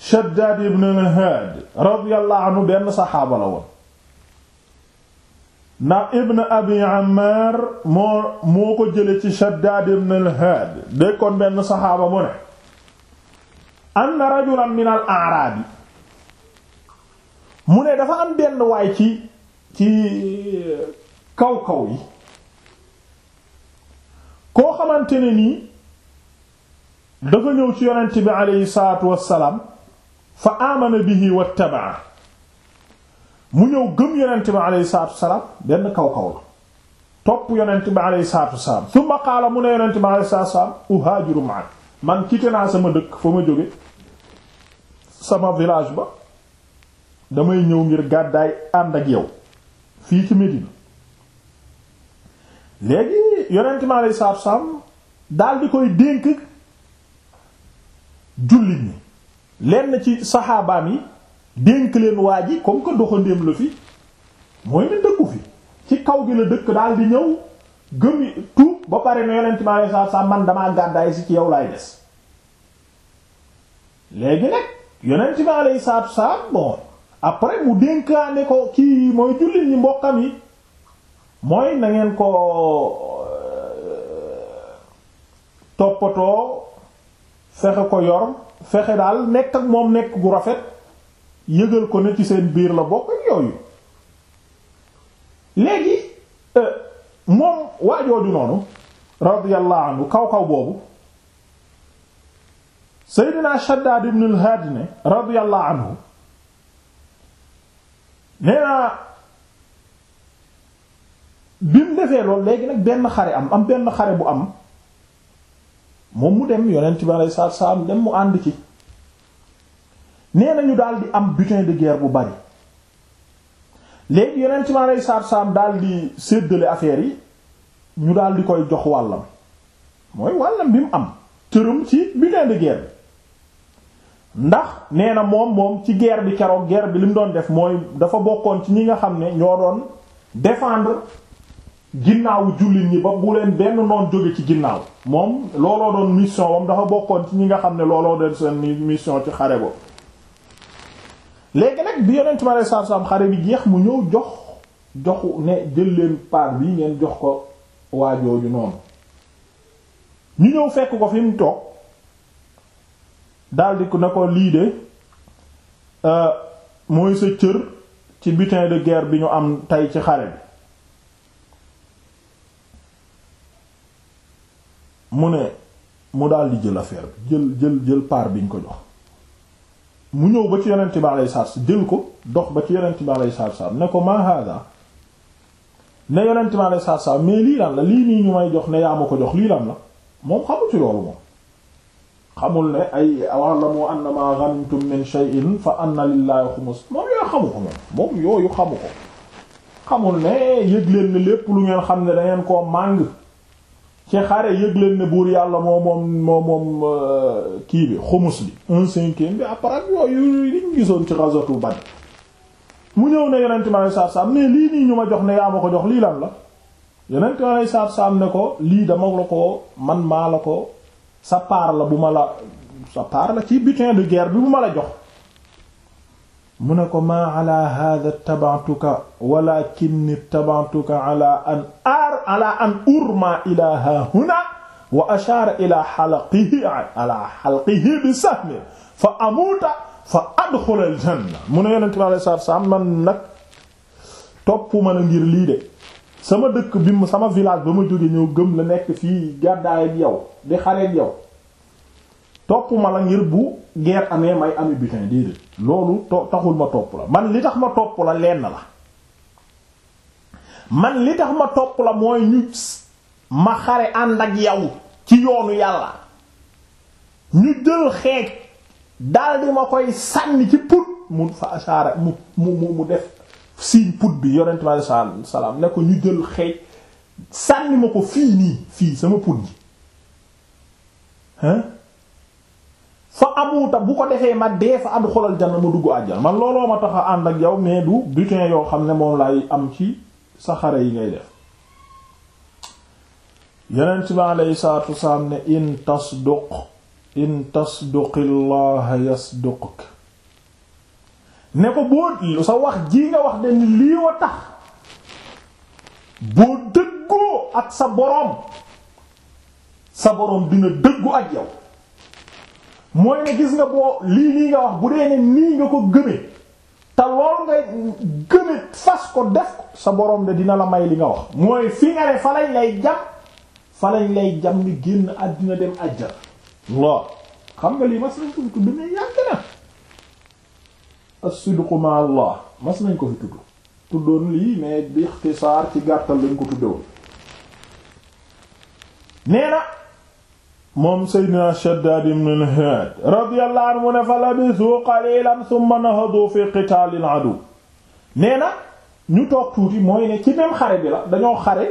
Shaddaad ibn Nahaad radiyallahu anhu benn saxaaba la woon ndax ibn abi Ammaar moo moo ko jële ci Shaddaad ibn Nahaad dékkoon benn saxaaba mu ne anna rajulan min al mu ne dafa am benn waay ci ci kaw kaw yi koo xamante ne nii dafa ñëw ci yonent bi aleyhi salaatu wassalaam fa amana bihi wattabaa mu ñëw gëm yonent bi aleyhi benn kaw kaw la topp yonent bi aleyhi summa qaala mu ne yonent bi aleyhi salaatu wassalaam uhaajiru ma'ak man quitté naa sama dëkk fa ma jóge sama village ba damay ñëw ngir gàddaay ànd ak yow fii ci Médina léegi yonent mi alayhi salaatu salaam di koy dénk jullit ñi lenn ci saxaabaam yi dénk leen waa ji comme que doxandéem la fi mooy ne dëkku fi ci kaw gi la dëkk daal di ñëw gëm tu ba pare ne yonent mi alayhi salaatu man damaa gàddaay si ci yow laay des léegi nag yonent mi alayhi salaatu bon après mu dénkaane ko kii mooy jullit ñi mbokkam yi. mooy na ngeen ko euh, toppatoo fexe ko yor fexe daal nekk ak moom nekk bu rafet yëgal ko ne ci seen biir la bokk yooyu léegi euh, moom waajooju noonu radiyallahu anhu kaw kaw boobu Seydina Shaddaad ibn al-Haadi ne radiyallahu anhu nee na bi mu defee loolu léegi nag benn xare am am benn xare bu am moom mu dem yonent bi aleyhi salaatu salaam dem mu ànd ci nee nañu daal di am butin de guerre bu bari léegi yonent bi aleyhi salaatu salaam daal di séddale affaire yi ñu daal di koy jox wàllam mooy wàllam bi mu am tëram ci butin de guerre bi ndax nee na moom moom ci geer bi keroog guerre bi li mu doon def mooy dafa bokkoon ci ñi nga xam ne ñoo doon défendre ginnaaw jullit ñi ba bu leen benn noon jóge ci ginnaaw moom looloo doon mission wam dafa bokkoon ci ñi nga xam ne looloo doon seen mission ci xare bo léegi nag bi yonent bi alei satu xare bi jeex mu ñëw jox joxu ne jël leen paar bi ngeen jox ko waajooju noonu ñu ñëw fekk ko fi mu toog daldi ku ne ko lii de euh, mooy sa cër ci butin de guerre bi ñu am tey ci xare bi mu ne mu daal di jël affaire bi jël jël jël part biñ ko jox mu ñëw ba ci yonent bi alayhi salaatu jël ko dox ba ci yonent bi alayhi salaatu ne ko ma hada ne yonent bi alayhi salaatu mais lii lan la lii nii ñu may jox ne yaa ma ko jox lii lan la moom xamu ci loolu moom. xamul ne ay wa'lamu anna ma ghanimtum min shay'in fa anna lillahi xumus moom yooyu xamu ko moom moom yooyu xamu ko xamul ne yëg ne lépp lu ngeen xam ne dangeen koo màng. ci xare yëg leen ne buur yàlla moo moom moo moom euh, kii bi xumus bi un cinquième ci ghazwatu Badr mu ñëw ne yonent mi alei satu salaam ne lii nii ñu ma jox ne yaa ma ko jox lii lan la yonent mi alei satu salaam ne ko lii dama la ko man maa la ko sa part la bu ma la sa part la ci butin de guerre bi bu ma la jox mu ne ko maa ala hada tabantuka walakinni tabantuka ala an ar ala an urma ila ha huna wa ashaara ila xalqihi ala xalqihi bi sahmi fa amuuta fa adxula al janna mu ne yonente bi alayhi salaatu salaam man nag topp mën a ngir lii de sama dëkk bi sama village ba ma jóge ñëw gëm la nekk fii gàddaay ak yow di xare ak yow topp ma la ngir bu guerre amee may ami butin déedéet loolu to taxul ma topp la man li tax ma topp la lenn la man li tax ma topp la mooy ñu ma xare ànd ak yow ci yoonu yàlla ñu jël xeej daldi ma koy sànni ci put mu fa asaara mu mu mu def signe put bi yonent bi aleyhi salaatu salaam ne ko ñu jël xeej sànni ma ko fii nii fii sama put ji fa amuta bu ko defee ma dee fa am xolal janna ma dugg àjjana man looloo ma tax a ànd ak yow mais du butin yoo xam ne moom lay am ci sa xare yi ngay def yonent bi aleyhi salaatu wasalaam ne in tasduq in tasduqi llaha yasduquk ne ko boo sa wax ji nga wax de ni lii wa tax boo dëggoo ak sa boroom sa boroom dina dëggu ak yow mooy ne gis nga boo lii lii nga wax bu dee ne nii nga ko gëmee te lool nga gëmee fas ko def ko sa borom de dina la may li nga wax mooy fi nga ne fa lañ lay jam fa lay jam ni génn àddina dem àjjal lool xam nga lii mas nañ ko fi tudd mais yàgg na as-sidqu mas nañ ko fi tudd tuddoon lii mais bi ixtisaar ci gàttal lañ ko tuddewoon nee na moom seydina Shaddaad ibn al-Haad radiyallahu anhu mu ne fa labisu qalilan thumma nahadu fi qitaalil adu nee na ñu toog tuuti mooy ne ci même xare bi la dañoo xare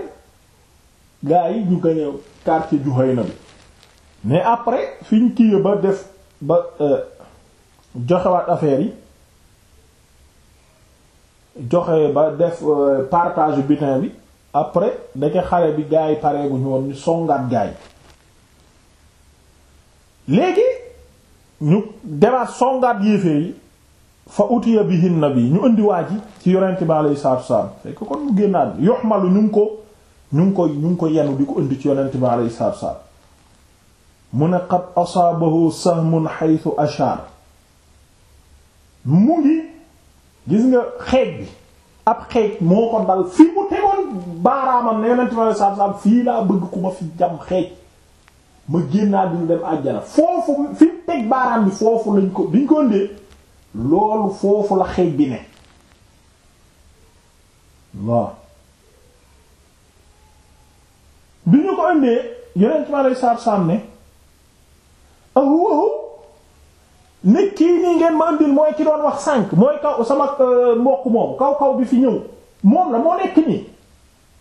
gaa yi ñu gañe quartier Juhayna bi mais après fi ñu kiye ba def ba euh, joxewaat affaire yi joxe ba def euh, partage butin bi après dake xare bi gaa yi pareeguñu woon ñu songaat gaa yi léegi ñu demaat songaat yéefee yi fa utiya na nabi ñu indi waa ji ci yonent bi alayhi salaatu wasalaam fekk kon mu génnaat yoxmalu ñu ngi ko ñu ko ñu ngi ko yenu di ko indi ci yonent bi alayhi salaatu wasalaam mu ne qad asaabahu sahmun haythu ashar mu ngi gis nga xeej bi ab xeej moo ko dal fi mu tegoon baaraamam ne yonent bi alayhi salaatu wasalaam fii laa bëgg ku ma fi jam xeej ma génnaat dina dem àjjana foofu fim teg baaraam bi foofu lañ ko biñ ko ndee loolu foofu la xeej bi ne waaw bi ñu ko indee yonent ma lay saar saam ne ahu ahu ne kii nii ngeen ma indil mooy ki doon wax sànq mooy kaw sama euh, mbokk moom kaw kaw bi fi ñëw moom la moo nekk nii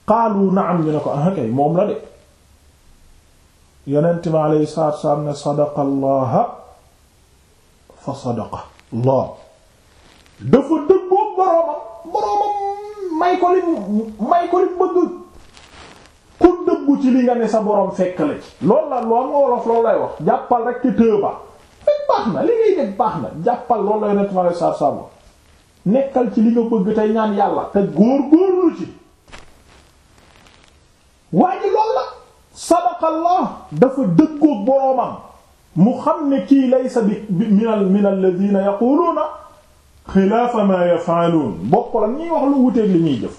qaalu na'am ñu ne ko ah kay moom la de yonent bi alayhi salaatu salaam ne sadaqa allah fa sadaqa allah dafa dëggoo boroomam boroomam may ko li may ko li bëgg ku dëggu ci li nga ne sa borom fekk la ci loolu la lool nga wolof loolu lay wax jàppal rek tëba fekk baax na li ngay def baax na jàppal lool la yonent bi alayhi salaatu salaam nekkal ci li nga bëgg tey ñaan yàlla te góor góorlu ci waaye sadaqallah dafa dëggoog boroomam mu xam ne kii lay laysa bi minal minal ladina yaquluuna xilaafa ma yafaaluun bokk la ñuy wax lu wuteeg li ñuy jëf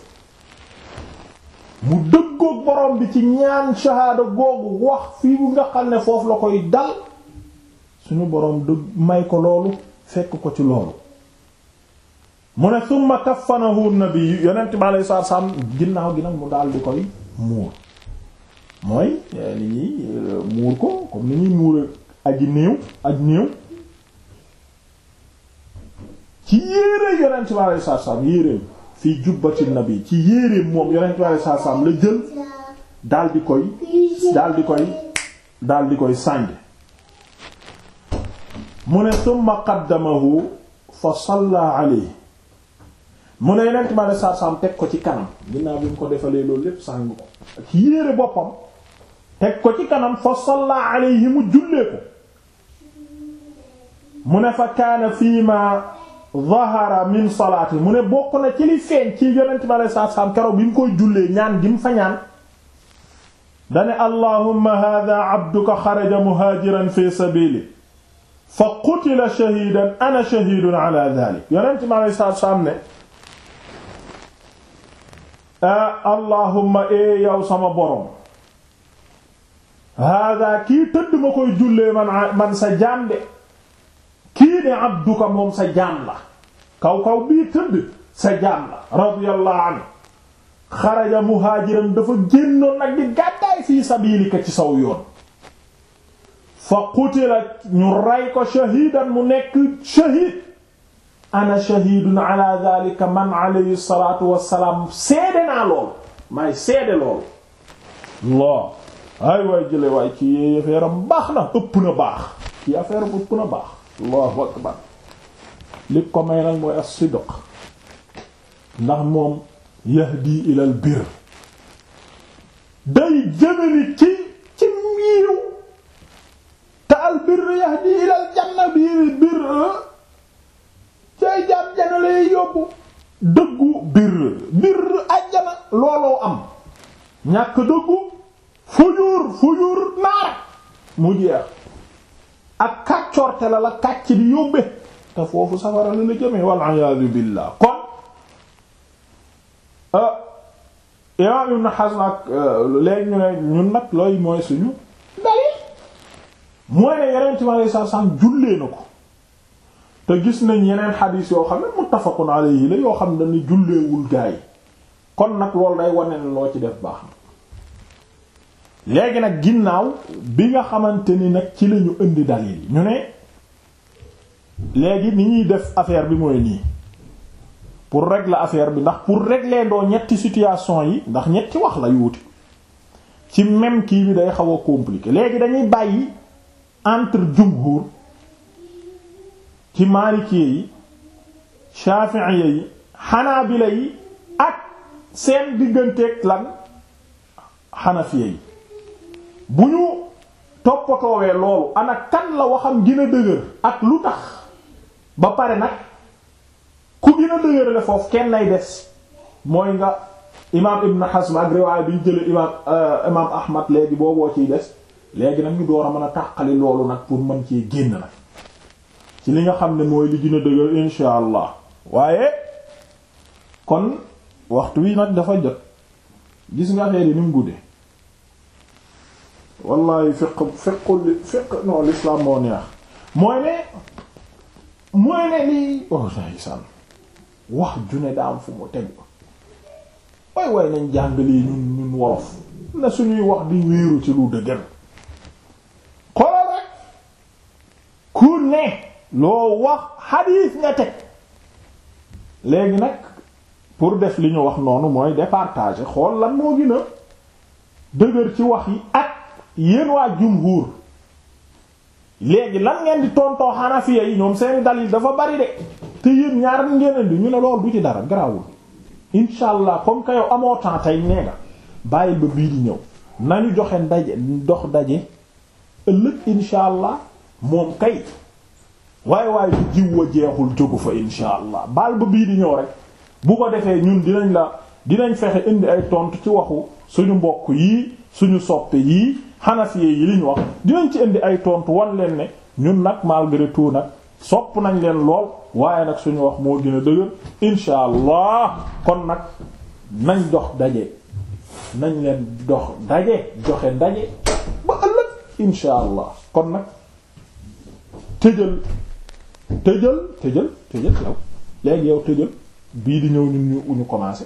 mu dëggoog boroom bi ci ñaan shahaada googu wax fii bu nga xam ne foofu la koy dal suñu boroom dëgg may ko loolu fekk ko ci loolu mu ne summa kaffanahu nabi yonent bi alayhi salaam ginnaaw gi nag mu daal di koy muur mooy li euh, ñuy euh, muur ko comme ni ñuy muur aji néew aj néew ci yéere yonent bi alei satu salaam yéeréem fii jubbati nabi ci yéeréem moom yonent bi alei satu la jël daal di koy daal di koy daal di koy sànj mu ne summa qaddamahu fa salla mu ne yonent bi alei satu teg ko ci kanam ginnaaw bi mu ko defalee loolu lépp sàng ko ci yéere boppam teg ko ci kanam fa salla alayhi mu jullee ko mu ne fa kaan fii ma zahara min salaati mu ne bokk na ci li feeñ ci yonent bi alayhi salaatu salaam keroog bi mu koy jullee ñaan gi mu fa ñaan dane allahumma hadha abduka xaraja muhaajiran fi sabili fa qutila shahidan ana shahidun ala dhalik yonent bi alayhi salaatu salaam ne ah, allahumma ee eh, yow sama borom hada kii tëdd ma koy jullee man sa jaam de kii de abduka moom sa jaam kaw kaw bii tëdd sa jaam la radiyallahu anhu xaraja muhaajiran dafa génnoon nag di gàddaay fii sabilika ci saw fa qutila ñu rey ko mu nekk shahid ana shahidun ala dhalika man alayhi salatu wasalaam seede naa loolu maay seede loolu ay waay jële waay ci affaire am baax na ëpp na baax ci affaire am ëpp na baax allahu akbar li ko may nag mooy as ndax moom yahdi ilal bir day jëmali ci ci miiw te al bir yahdi ilal janna bi bir cay jàam jana lay yóbbu dëggu bir bir àjjana looloo am ñàkk dëggu fujur fujur naar mu jeex ak kàccorte la la kàcc di yóbbe te foofu safara la la jëme wal iyaadu billah kon ah, imaam Ibn Hazm nag ah, léegi ñu ne ñun nag looy mooy suñu dalil mooy ne yeneen ci ma sa san jullee na ko te gis nañ yeneen xadiis yoo xam ne muttafaqun alayhi la yoo xam ne dañu julleewul gaa yi kon nag loolu day wane ne loo ci def baax na léegi nag ginnaaw bi nga xamante ni nag ci lañu indi dalil ñu ne léegi ni ñuy def affaire bi mooy nii pour régler affaire bi ndax pour régler doo ñetti situation yi ndax ñetti wax la yu ci même kii bi day xaw a compliqué léegi dañuy bàyyi entre jumhur ci maalikee yi shafi'iyya yi xanaabila yi ak seen digganteeg lan xanafiyya yi bu ñu toppatoowee loolu ana kan la waxam gën a dëgër ak lu tax ba pare nag ku gën a foofu kenn lay des mooy nga imaam Ibn Hazm ak riwaay bi ñu jëlee imaam euh, imaam Ahmad léegi booboo ciy des léegi nag ñu door a mën a tàqali loolu nag pour mën ci génn nag ci li nga xam ne mooy li gën a dëgër insha waaye kon waxtu wi nag dafa jot gis nga xeer yi ni mu guddee. wallahi fiq fiqul fiq non l'islam moo neex mooy ne mooy ne lii oh, wax ju ne daa am fu mu tegu way way nañ jàngalee ñun ñun wolof na suñuy wax di wéeru ci lu dëgër xoolal rek ku ne loo wax xadiis nga teg léegi nag pour def li ñu wax noonu mooy départage xool lan moo gën a dëgër ci wax yi ak yéen waa jumhur léegi lan ngeen di tontoo xanafiya yi ñoom seeni dalil dafa bari de te yéen ñaar ngeen indi ñu ne loolu du ci dara garaawul incha allah comme que yow amoo temps tey nee nga bàyyi ba bii di ñëw nañu joxe ndaje dox daje ëllëg incha allah moom kay waaye waaye bu jiw wa jeexul jógu fa incha allah baal ba bii di ñëw rek bu ko defee ñun dinañ la dinañ fexe indi ay tontu ci waxu suñu mbokk yii suñu soppe yii xanafiye yi li ñu wax dinañ ci indi ay tontu wan leen ne ñun nag malgré tout nag sopp nañ leen lool waaye nag suñu wax moo gën a dëgër insha kon nag nañ dox daje nañ leen dox daje joxe daje ba ëllëg insha kon nag tëjël tëjël tëjal tëjal yow léegi yow tëjal bii di ñëw ñun ñu ñu commencé